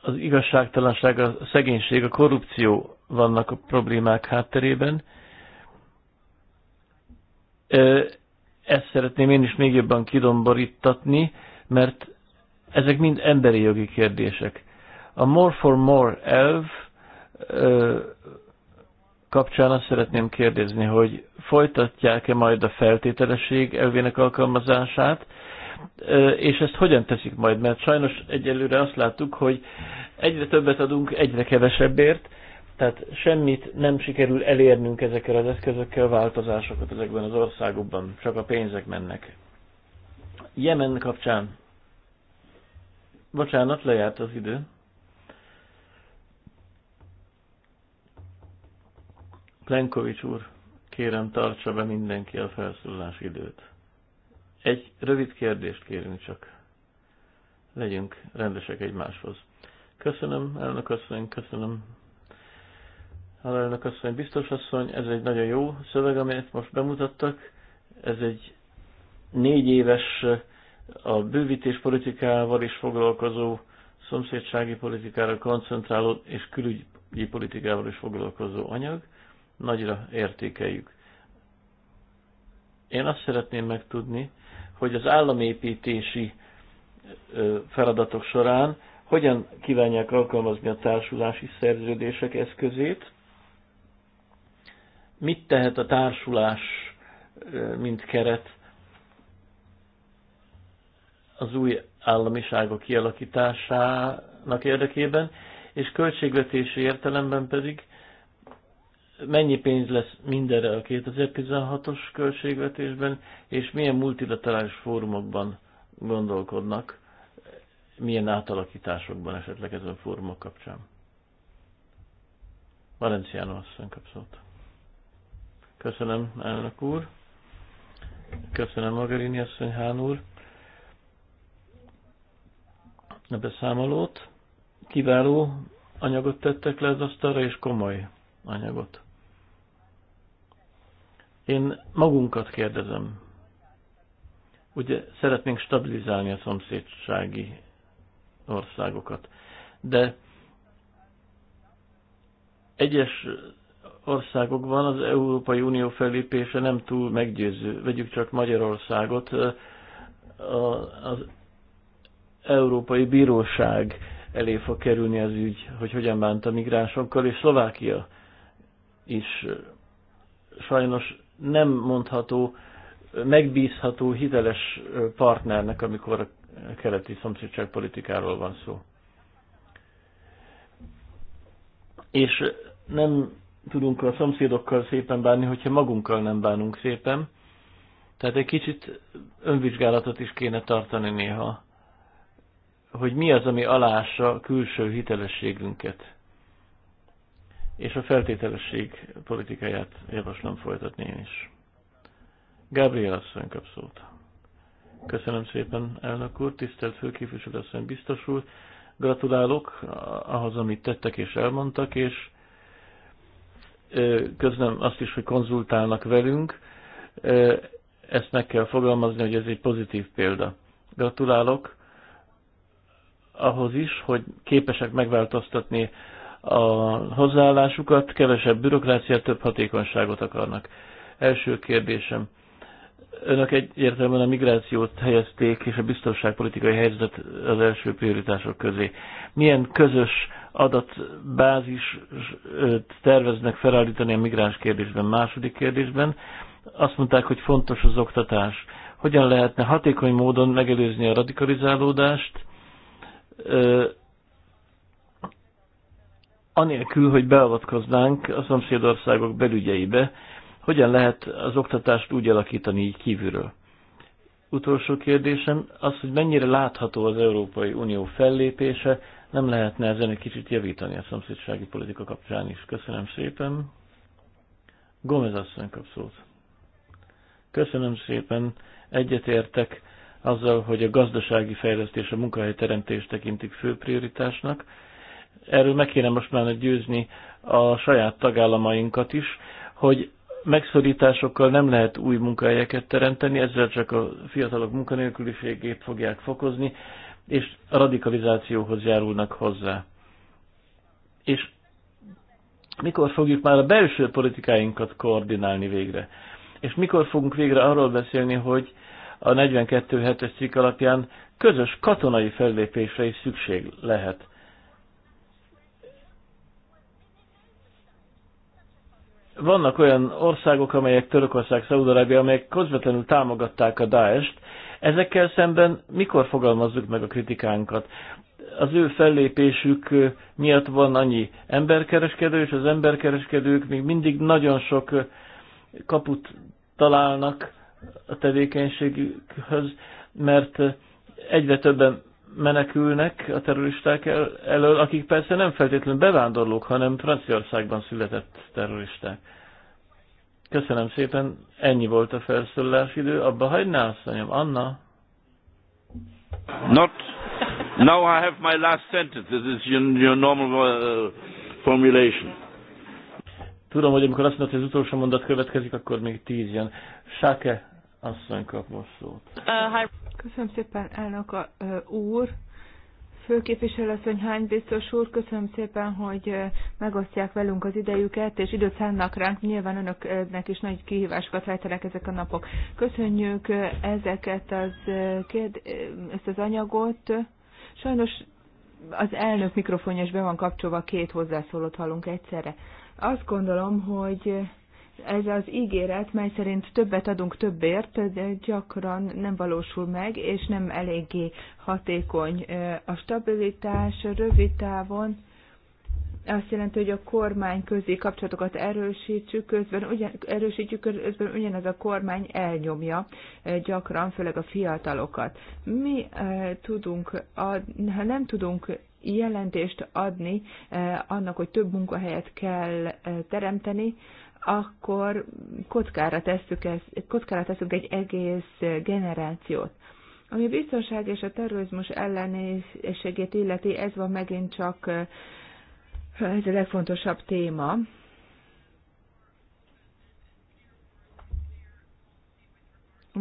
Az igazságtalanság, a szegénység, a korrupció vannak a problémák hátterében, ezt szeretném én is még jobban kidomborítatni, mert ezek mind emberi jogi kérdések. A More for More elv kapcsán azt szeretném kérdezni, hogy folytatják-e majd a feltételesség elvének alkalmazását, és ezt hogyan teszik majd, mert sajnos egyelőre azt láttuk, hogy egyre többet adunk egyre kevesebbért, tehát semmit nem sikerül elérnünk ezekkel az eszközökkel, változásokat ezekben az országokban, csak a pénzek mennek. Jemen kapcsán. Bocsánat, lejárt az idő. Plenkovics úr, kérem tartsa be mindenki a felszólás időt. Egy rövid kérdést kérünk csak. Legyünk rendesek egymáshoz. Köszönöm, elnök asszony, köszönöm alelnök asszony, biztos asszony, ez egy nagyon jó szöveg, amelyet most bemutattak. Ez egy négy éves a bővítés politikával is foglalkozó, szomszédsági politikára koncentráló és külügyi politikával is foglalkozó anyag. Nagyra értékeljük. Én azt szeretném megtudni, hogy az államépítési feladatok során hogyan kívánják alkalmazni a társulási szerződések eszközét, mit tehet a társulás, mint keret az új államiságok kialakításának érdekében, és költségvetési értelemben pedig mennyi pénz lesz mindenre a 2016-os költségvetésben, és milyen multilaterális fórumokban gondolkodnak, milyen átalakításokban esetleg ezen fórumok kapcsán. Valenciano asszony kapcsolatban. Köszönöm, elnök úr. Köszönöm, Magarini asszony, Hán úr. A beszámolót. Kiváló anyagot tettek le az asztalra, és komoly anyagot. Én magunkat kérdezem. Ugye szeretnénk stabilizálni a szomszédsági országokat, de egyes országokban az Európai Unió fellépése nem túl meggyőző. Vegyük csak Magyarországot. Az Európai Bíróság elé fog kerülni az ügy, hogy hogyan bánt a migránsokkal, és Szlovákia is sajnos nem mondható, megbízható, hiteles partnernek, amikor a keleti szomszédság politikáról van szó. És nem tudunk a szomszédokkal szépen bánni, hogyha magunkkal nem bánunk szépen. Tehát egy kicsit önvizsgálatot is kéne tartani néha, hogy mi az, ami alássa külső hitelességünket. És a feltételesség politikáját javaslom folytatni én is. Gabriel asszony kap szót. Köszönöm szépen, elnök úr, tisztelt főképviselő asszony, biztos úr. Gratulálok ahhoz, amit tettek és elmondtak, és közlöm azt is, hogy konzultálnak velünk. Ezt meg kell fogalmazni, hogy ez egy pozitív példa. Gratulálok ahhoz is, hogy képesek megváltoztatni a hozzáállásukat, kevesebb bürokráciát, több hatékonyságot akarnak. Első kérdésem önök egyértelműen a migrációt helyezték, és a biztonságpolitikai helyzet az első prioritások közé. Milyen közös adatbázis terveznek felállítani a migráns kérdésben? Második kérdésben azt mondták, hogy fontos az oktatás. Hogyan lehetne hatékony módon megelőzni a radikalizálódást, anélkül, hogy beavatkoznánk a szomszédországok belügyeibe, hogyan lehet az oktatást úgy alakítani így kívülről? Utolsó kérdésem az, hogy mennyire látható az Európai Unió fellépése, nem lehetne ezen egy kicsit javítani a szomszédsági politika kapcsán is. Köszönöm szépen. Gomez asszony kap szót. Köszönöm szépen, egyetértek azzal, hogy a gazdasági fejlesztés, a munkahelyteremtés tekintik fő prioritásnak. Erről meg kéne most már győzni a saját tagállamainkat is, hogy megszorításokkal nem lehet új munkahelyeket teremteni, ezzel csak a fiatalok munkanélküliségét fogják fokozni, és a radikalizációhoz járulnak hozzá. És mikor fogjuk már a belső politikáinkat koordinálni végre? És mikor fogunk végre arról beszélni, hogy a 42.7-es cikk alapján közös katonai fellépésre is szükség lehet? vannak olyan országok, amelyek Törökország, Szaudarábia, amelyek közvetlenül támogatták a Daest, ezekkel szemben mikor fogalmazzuk meg a kritikánkat? Az ő fellépésük miatt van annyi emberkereskedő, és az emberkereskedők még mindig nagyon sok kaput találnak a tevékenységükhöz, mert egyre többen menekülnek a terroristák el, elől, akik persze nem feltétlenül bevándorlók, hanem Franciaországban született terroristák. Köszönöm szépen, ennyi volt a felszólás idő. Abba hagyná, asszonyom, Anna? Not. Now I have my last sentence. This is your, your normal uh, formulation. Tudom, hogy amikor azt mondod, hogy az utolsó mondat következik, akkor még tíz jön. Sáke asszony kap most szót. Uh, hi. Köszönöm szépen, elnök a úr. Főképviselőasszony Hány biztos úr, köszönöm szépen, hogy megosztják velünk az idejüket, és időt szánnak ránk. Nyilván önöknek is nagy kihívásokat rejtenek ezek a napok. Köszönjük ezeket az, ezt az anyagot. Sajnos az elnök mikrofonja is be van kapcsolva, két hozzászólót hallunk egyszerre. Azt gondolom, hogy ez az ígéret, mely szerint többet adunk többért, de gyakran nem valósul meg, és nem eléggé hatékony. A stabilitás rövid távon azt jelenti, hogy a kormány közé kapcsolatokat erősítsük, közben ugyan, erősítjük, közben ugyanez a kormány elnyomja gyakran, főleg a fiatalokat. Mi e, tudunk, ha nem tudunk jelentést adni e, annak, hogy több munkahelyet kell e, teremteni, e, akkor kockára, tesszük ezt, kockára teszünk egy egész generációt. Ami a biztonság és a terrorizmus ellenéségét illeti, ez van megint csak ez a legfontosabb téma.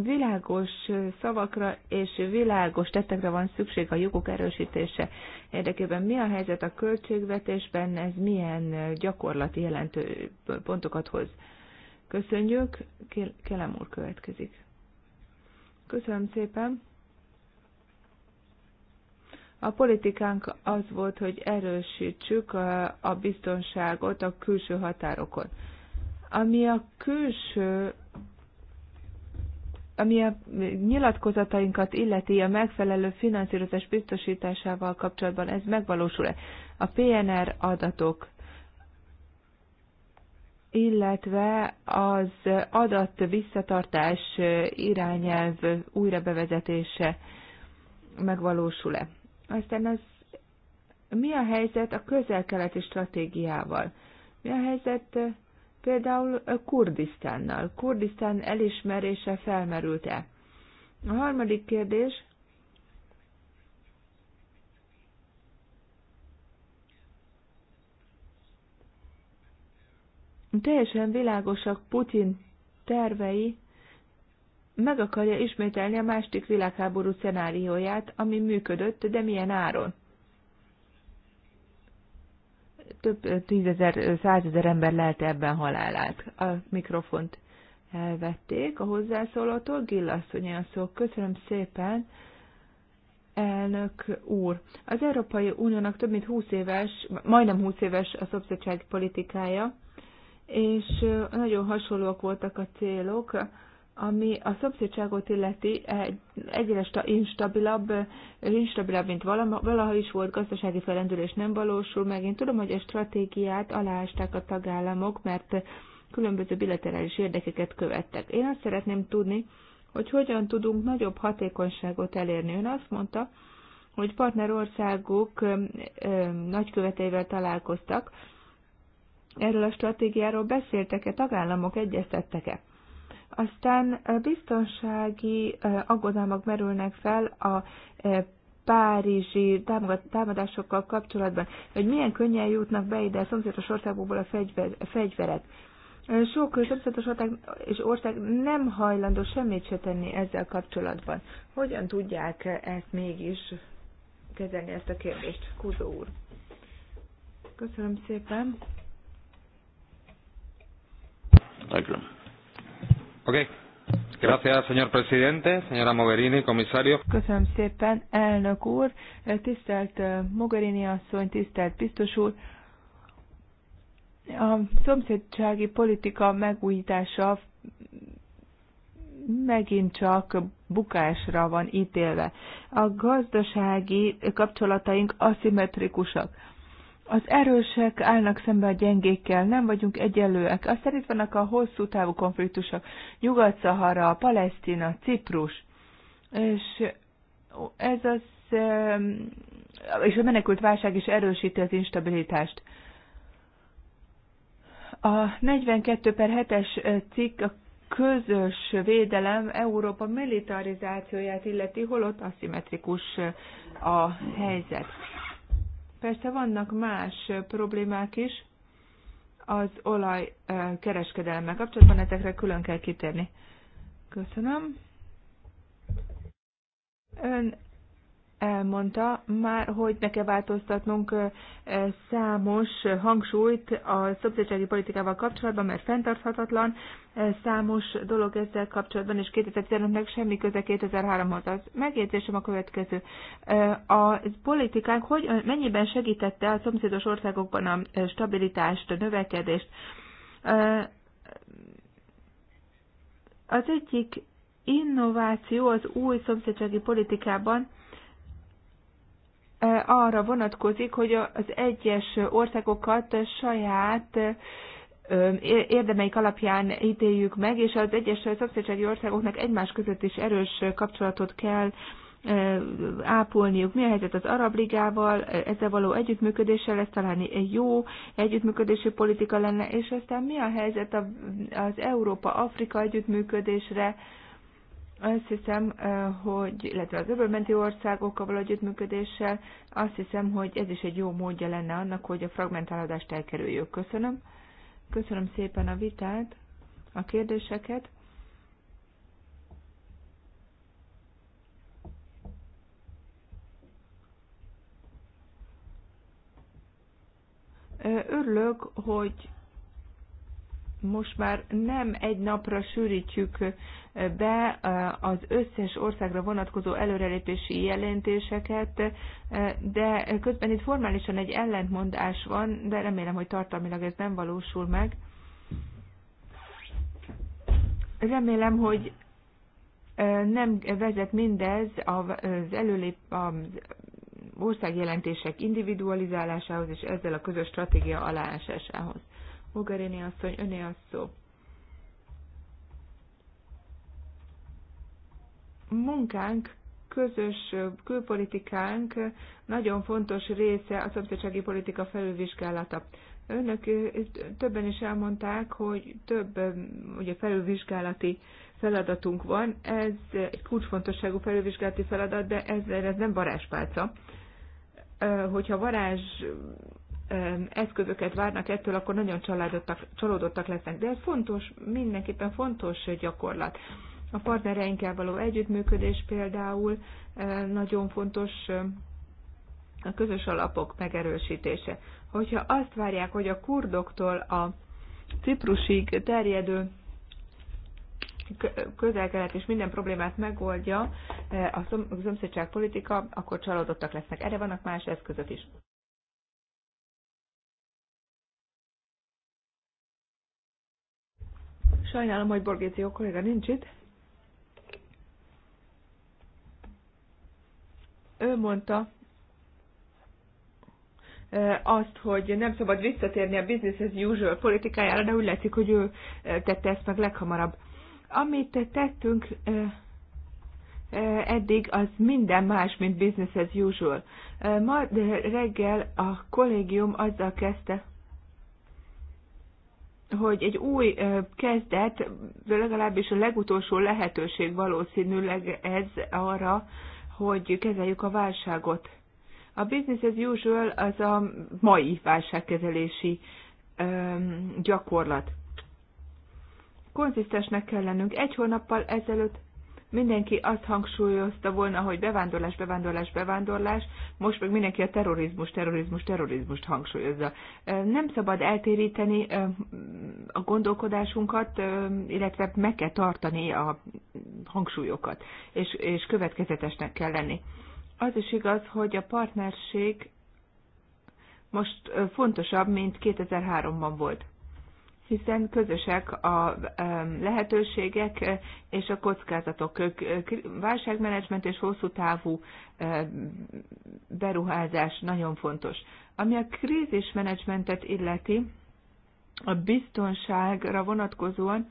világos szavakra és világos tettekre van szükség a jogok erősítése érdekében. Mi a helyzet a költségvetésben, ez milyen gyakorlati jelentő pontokat hoz? Köszönjük, Kelem úr következik. Köszönöm szépen. A politikánk az volt, hogy erősítsük a biztonságot a külső határokon. Ami a külső ami a nyilatkozatainkat illeti a megfelelő finanszírozás biztosításával kapcsolatban, ez megvalósul-e? A PNR adatok, illetve az adat visszatartás irányelv újra bevezetése megvalósul-e? Aztán az, mi a helyzet a közel-keleti stratégiával? Mi a helyzet Például Kurdisztánnal. Kurdisztán elismerése felmerült-e? A harmadik kérdés, teljesen világosak Putin tervei, meg akarja ismételni a második világháború szenárióját, ami működött, de milyen áron több tízezer, százezer ember lelte ebben halálát. A mikrofont elvették a hozzászólótól. Gillasszony a szó. Köszönöm szépen, elnök úr. Az Európai Uniónak több mint 20 éves, majdnem 20 éves a szomszédság politikája, és nagyon hasonlóak voltak a célok ami a szomszédságot illeti egyre instabilabb, instabilabb, mint valaha is volt, gazdasági felendülés nem valósul meg. Én tudom, hogy a stratégiát aláásták a tagállamok, mert különböző bilaterális érdekeket követtek. Én azt szeretném tudni, hogy hogyan tudunk nagyobb hatékonyságot elérni. Ön azt mondta, hogy partnerországok nagyköveteivel találkoztak, erről a stratégiáról beszéltek-e, tagállamok egyeztettek-e? Aztán biztonsági aggodalmak merülnek fel a párizsi támadásokkal kapcsolatban, hogy milyen könnyen jutnak be ide a szomszédos országokból a fegyverek. Sok szomszédos ország és ország nem hajlandó semmit se tenni ezzel kapcsolatban. Hogyan tudják ezt mégis kezelni ezt a kérdést, Kuzó úr? Köszönöm szépen. Köszönöm. Okay. Gracias, señor presidente, señora Mogherini, Köszönöm szépen, elnök úr, tisztelt eh, Mogherini asszony, tisztelt biztos úr. A szomszédsági politika megújítása megint csak bukásra van ítélve. A gazdasági kapcsolataink aszimmetrikusak az erősek állnak szembe a gyengékkel, nem vagyunk egyenlőek. Azt szerint vannak a hosszú távú konfliktusok. Nyugat-Szahara, Palesztina, Ciprus. És ez az, és a menekült válság is erősíti az instabilitást. A 42 per 7-es cikk a közös védelem Európa militarizációját illeti, holott aszimmetrikus a helyzet. Persze vannak más problémák is az olaj kereskedelme kapcsolatban, ezekre külön kell kitérni. Köszönöm. Ön elmondta már, hogy ne kell változtatnunk számos hangsúlyt a szomszédsági politikával kapcsolatban, mert fenntarthatatlan számos dolog ezzel kapcsolatban, és 2015-nek semmi köze 2003-hoz. Az megjegyzésem a következő. A politikánk hogy, mennyiben segítette a szomszédos országokban a stabilitást, a növekedést? Az egyik innováció az új szomszédsági politikában, arra vonatkozik, hogy az egyes országokat saját érdemeik alapján ítéljük meg, és az egyes szomszédsági országoknak egymás között is erős kapcsolatot kell ápolniuk. Mi a helyzet az Arab Ligával, ezzel való együttműködéssel, ez talán egy jó együttműködési politika lenne, és aztán mi a helyzet az Európa-Afrika együttműködésre, azt hiszem, hogy, illetve az öbölmenti országokkal való együttműködéssel, azt hiszem, hogy ez is egy jó módja lenne annak, hogy a fragmentálódást elkerüljük. Köszönöm. Köszönöm szépen a vitát, a kérdéseket. Örülök, hogy most már nem egy napra sűrítjük be eh, az összes országra vonatkozó előrelépési jelentéseket, eh, de közben itt formálisan egy ellentmondás van, de remélem, hogy tartalmilag ez nem valósul meg. Remélem, hogy eh, nem vezet mindez az előlép, az országjelentések individualizálásához és ezzel a közös stratégia aláásásához. Mogherini asszony, öné a szó. munkánk, közös külpolitikánk nagyon fontos része a szomszédsági politika felülvizsgálata. Önök többen is elmondták, hogy több ugye, felülvizsgálati feladatunk van. Ez egy kulcsfontosságú felülvizsgálati feladat, de ez, ez nem varázspálca. Hogyha varázs eszközöket várnak ettől, akkor nagyon csalódottak, lesznek. De ez fontos, mindenképpen fontos gyakorlat. A partnereinkkel való együttműködés például nagyon fontos a közös alapok megerősítése. Hogyha azt várják, hogy a kurdoktól a Ciprusig terjedő közel-kelet és minden problémát megoldja a szomszédság politika, akkor csalódottak lesznek. Erre vannak más eszközök is. Sajnálom, hogy Borgézió kolléga nincs itt. ő mondta, azt, hogy nem szabad visszatérni a business as usual politikájára, de úgy látszik, hogy ő tette ezt meg leghamarabb. Amit tettünk eddig, az minden más, mint business as usual. Ma reggel a kollégium azzal kezdte, hogy egy új kezdet, legalábbis a legutolsó lehetőség valószínűleg ez arra, hogy kezeljük a válságot. A business as usual az a mai válságkezelési öm, gyakorlat. Konzisztensnek kell lennünk. Egy hónappal ezelőtt mindenki azt hangsúlyozta volna, hogy bevándorlás, bevándorlás, bevándorlás, most meg mindenki a terrorizmus, terrorizmus, terrorizmust hangsúlyozza. Nem szabad eltéríteni a gondolkodásunkat, illetve meg kell tartani a hangsúlyokat, és, és következetesnek kell lenni. Az is igaz, hogy a partnerség most fontosabb, mint 2003-ban volt hiszen közösek a lehetőségek és a kockázatok. Válságmenedzsment és hosszú távú beruházás nagyon fontos. Ami a krízismenedzsmentet illeti, a biztonságra vonatkozóan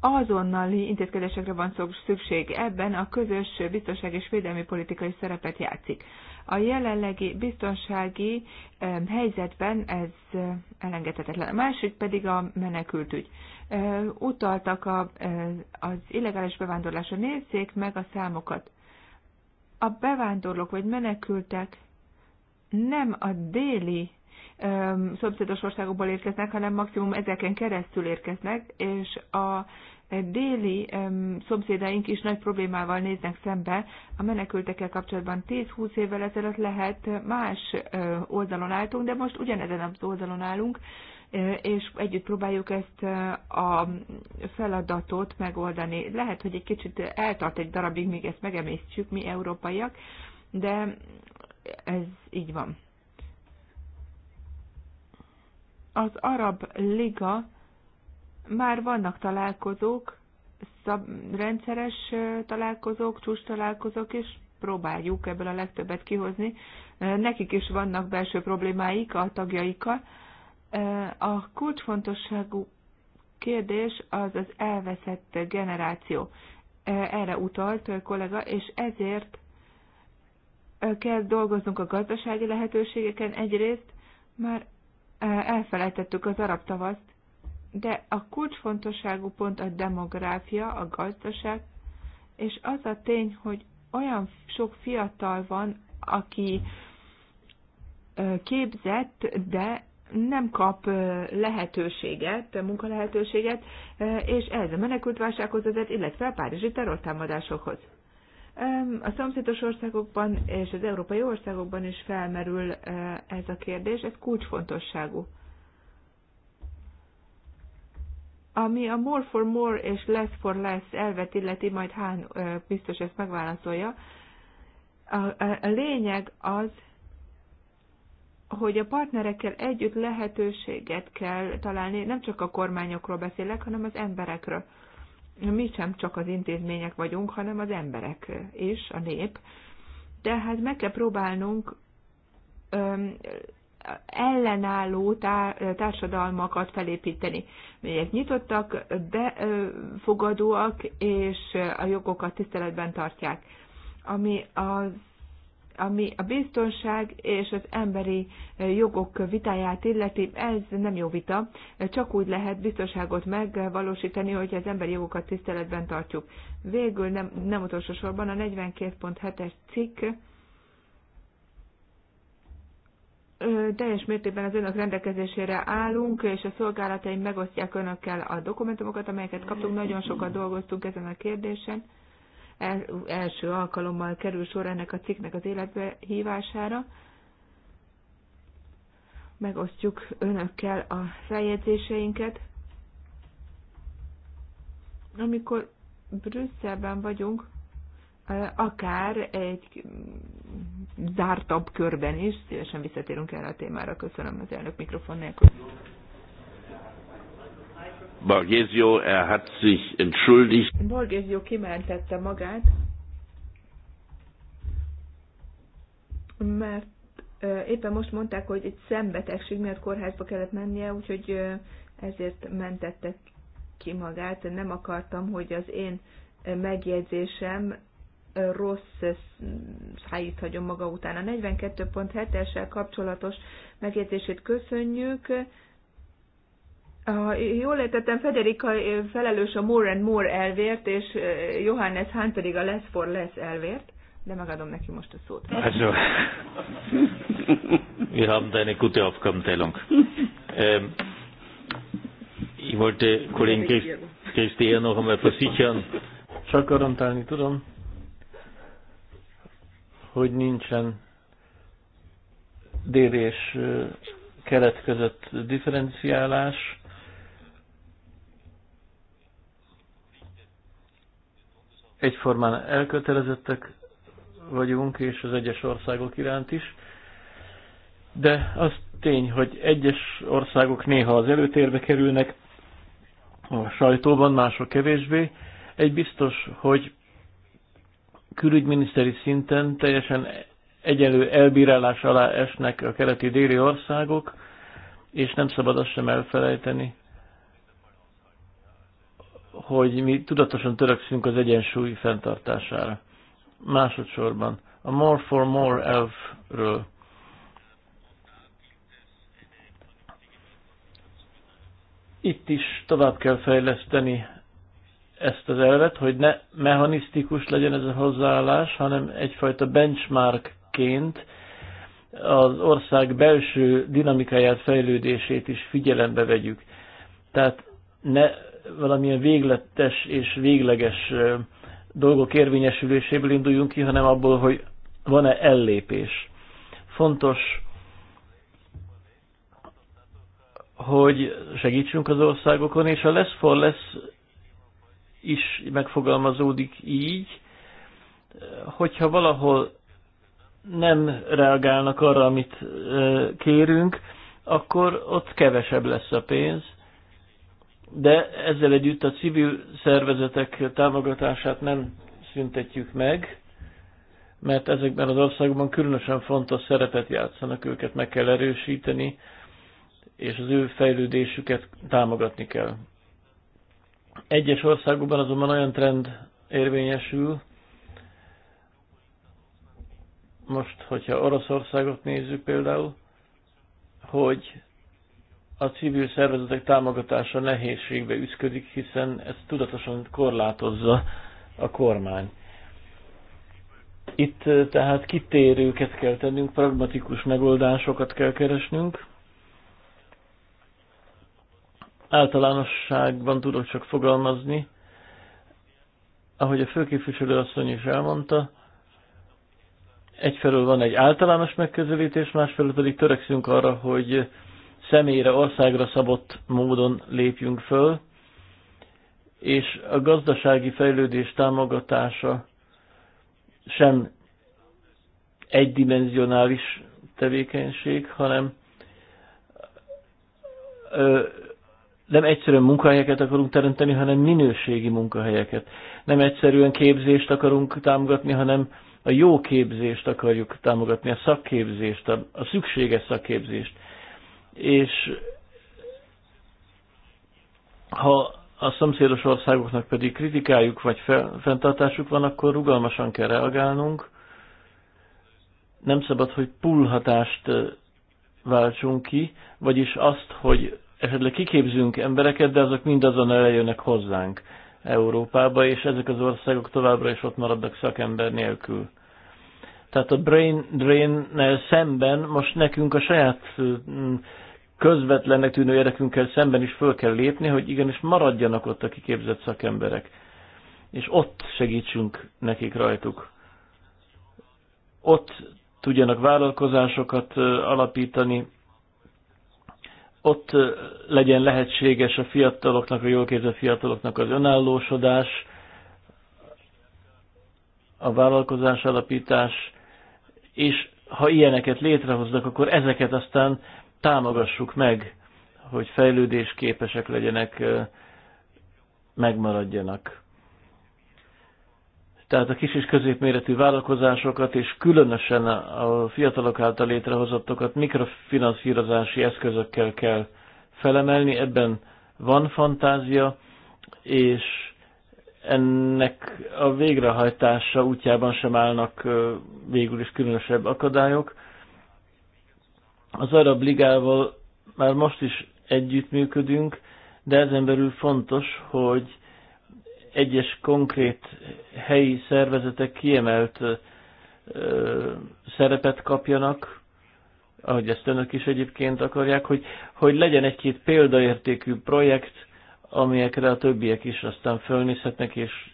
azonnali intézkedésekre van szükség. Ebben a közös biztonság és védelmi politikai szerepet játszik. A jelenlegi biztonsági helyzetben ez elengedhetetlen. A másik pedig a menekültügy. Utaltak a, az illegális bevándorlásra. Nézzék meg a számokat. A bevándorlók vagy menekültek nem a déli szomszédos országokból érkeznek, hanem maximum ezeken keresztül érkeznek, és a déli um, szomszédaink is nagy problémával néznek szembe a menekültekkel kapcsolatban. 10-20 évvel ezelőtt lehet más uh, oldalon álltunk, de most ugyanezen az oldalon állunk, uh, és együtt próbáljuk ezt uh, a feladatot megoldani. Lehet, hogy egy kicsit eltart egy darabig, míg ezt megemésztjük mi európaiak, de ez így van. Az Arab Liga már vannak találkozók, szab, rendszeres találkozók, csúcs találkozók, és próbáljuk ebből a legtöbbet kihozni. Nekik is vannak belső problémáik a tagjaikkal. A kulcsfontosságú kérdés az az elveszett generáció. Erre utalt kollega, és ezért kell dolgoznunk a gazdasági lehetőségeken egyrészt, már elfelejtettük az arab tavaszt, de a kulcsfontosságú pont a demográfia, a gazdaság, és az a tény, hogy olyan sok fiatal van, aki képzett, de nem kap lehetőséget, munkalehetőséget, és ez a menekültválsághoz vezet, illetve a párizsi terrortámadásokhoz. A szomszédos országokban és az európai országokban is felmerül ez a kérdés, ez kulcsfontosságú. Ami a more for more és less for less elvet illeti, majd Hán biztos ezt megválaszolja, a, a, a lényeg az, hogy a partnerekkel együtt lehetőséget kell találni, nem csak a kormányokról beszélek, hanem az emberekről. Mi sem csak az intézmények vagyunk, hanem az emberek és a nép. Tehát meg kell próbálnunk ellenálló társadalmakat felépíteni, melyek nyitottak, befogadóak és a jogokat tiszteletben tartják. Ami a, ami a biztonság és az emberi jogok vitáját illeti, ez nem jó vita. Csak úgy lehet biztonságot megvalósítani, hogy az emberi jogokat tiszteletben tartjuk. Végül nem, nem utolsó sorban a 42.7-es cikk teljes mértékben az önök rendelkezésére állunk, és a szolgálataim megosztják önökkel a dokumentumokat, amelyeket kaptunk. Nagyon sokat dolgoztunk ezen a kérdésen. El, első alkalommal kerül sor ennek a cikknek az életbe hívására. Megosztjuk önökkel a feljegyzéseinket. Amikor Brüsszelben vagyunk, akár egy zártabb körben is. Szívesen visszatérünk erre a témára. Köszönöm az elnök mikrofon nélkül. Borgesio, er hat sich entschuldigt. Borgesio kimentette magát, mert éppen most mondták, hogy egy szembetegség miatt kórházba kellett mennie, úgyhogy ezért mentette ki magát. Nem akartam, hogy az én megjegyzésem rossz szájít hagyom maga után. A 42.7-essel kapcsolatos megjegyzését köszönjük. Ha jól értettem, Federica felelős a more and more elvért, és Johannes Hunt pedig a less for less elvért, de megadom neki most a szót. Also, wir haben eine gute Aufgabenteilung. Ähm, ich wollte Kollegen Christi noch einmal versichern. Csak tudom, hogy nincsen dél és kelet között differenciálás, egyformán elkötelezettek vagyunk, és az egyes országok iránt is, de az tény, hogy egyes országok néha az előtérbe kerülnek, a sajtóban, mások kevésbé. Egy biztos, hogy külügyminiszteri szinten teljesen egyenlő elbírálás alá esnek a keleti déli országok, és nem szabad azt sem elfelejteni, hogy mi tudatosan törekszünk az egyensúly fenntartására. Másodszorban a More for More elfről. Itt is tovább kell fejleszteni ezt az elvet, hogy ne mechanisztikus legyen ez a hozzáállás, hanem egyfajta benchmarkként az ország belső dinamikáját, fejlődését is figyelembe vegyük. Tehát ne valamilyen végletes és végleges dolgok érvényesüléséből induljunk ki, hanem abból, hogy van-e ellépés. Fontos, hogy segítsünk az országokon, és a lesz for lesz is megfogalmazódik így, hogyha valahol nem reagálnak arra, amit kérünk, akkor ott kevesebb lesz a pénz, de ezzel együtt a civil szervezetek támogatását nem szüntetjük meg, mert ezekben az országokban különösen fontos szerepet játszanak, őket meg kell erősíteni, és az ő fejlődésüket támogatni kell. Egyes országokban azonban olyan trend érvényesül, most, hogyha Oroszországot nézzük például, hogy a civil szervezetek támogatása nehézségbe üszködik, hiszen ez tudatosan korlátozza a kormány. Itt eh, tehát kitérőket kell tennünk, pragmatikus megoldásokat kell keresnünk, általánosságban tudok csak fogalmazni. Ahogy a főképviselő asszony is elmondta, egyfelől van egy általános megközelítés, másfelől pedig törekszünk arra, hogy személyre, országra szabott módon lépjünk föl, és a gazdasági fejlődés támogatása sem egydimenzionális tevékenység, hanem nem egyszerűen munkahelyeket akarunk teremteni, hanem minőségi munkahelyeket. Nem egyszerűen képzést akarunk támogatni, hanem a jó képzést akarjuk támogatni, a szakképzést, a, a szükséges szakképzést. És ha a szomszédos országoknak pedig kritikájuk vagy fel, fenntartásuk van, akkor rugalmasan kell reagálnunk. Nem szabad, hogy pull hatást váltsunk ki, vagyis azt, hogy esetleg kiképzünk embereket, de azok mindazon eljönnek hozzánk Európába, és ezek az országok továbbra is ott maradnak szakember nélkül. Tehát a brain drain szemben most nekünk a saját közvetlennek tűnő érdekünkkel szemben is föl kell lépni, hogy igenis maradjanak ott a kiképzett szakemberek. És ott segítsünk nekik rajtuk. Ott tudjanak vállalkozásokat alapítani, ott legyen lehetséges a fiataloknak, a jól képzett fiataloknak az önállósodás, a vállalkozás alapítás, és ha ilyeneket létrehoznak, akkor ezeket aztán támogassuk meg, hogy fejlődésképesek legyenek, megmaradjanak tehát a kis és középméretű vállalkozásokat és különösen a fiatalok által létrehozottokat mikrofinanszírozási eszközökkel kell felemelni, ebben van fantázia, és ennek a végrehajtása útjában sem állnak végül is különösebb akadályok. Az Arab Ligával már most is együttműködünk, de ezen belül fontos, hogy egyes konkrét helyi szervezetek kiemelt ö, szerepet kapjanak, ahogy ezt önök is egyébként akarják, hogy, hogy legyen egy-két példaértékű projekt, amelyekre a többiek is aztán fölnézhetnek, és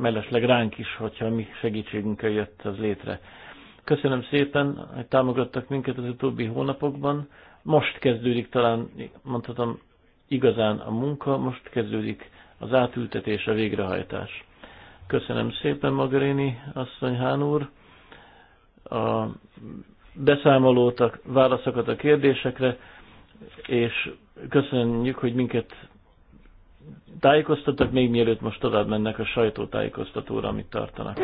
mellesleg ránk is, hogyha mi segítségünkkel jött az létre. Köszönöm szépen, hogy támogattak minket az utóbbi hónapokban. Most kezdődik talán, mondhatom, igazán a munka, most kezdődik az átültetés, a végrehajtás. Köszönöm szépen, Magaréni asszony Hán úr, a beszámolót, a válaszokat a kérdésekre, és köszönjük, hogy minket tájékoztattak, még mielőtt most tovább mennek a sajtótájékoztatóra, amit tartanak.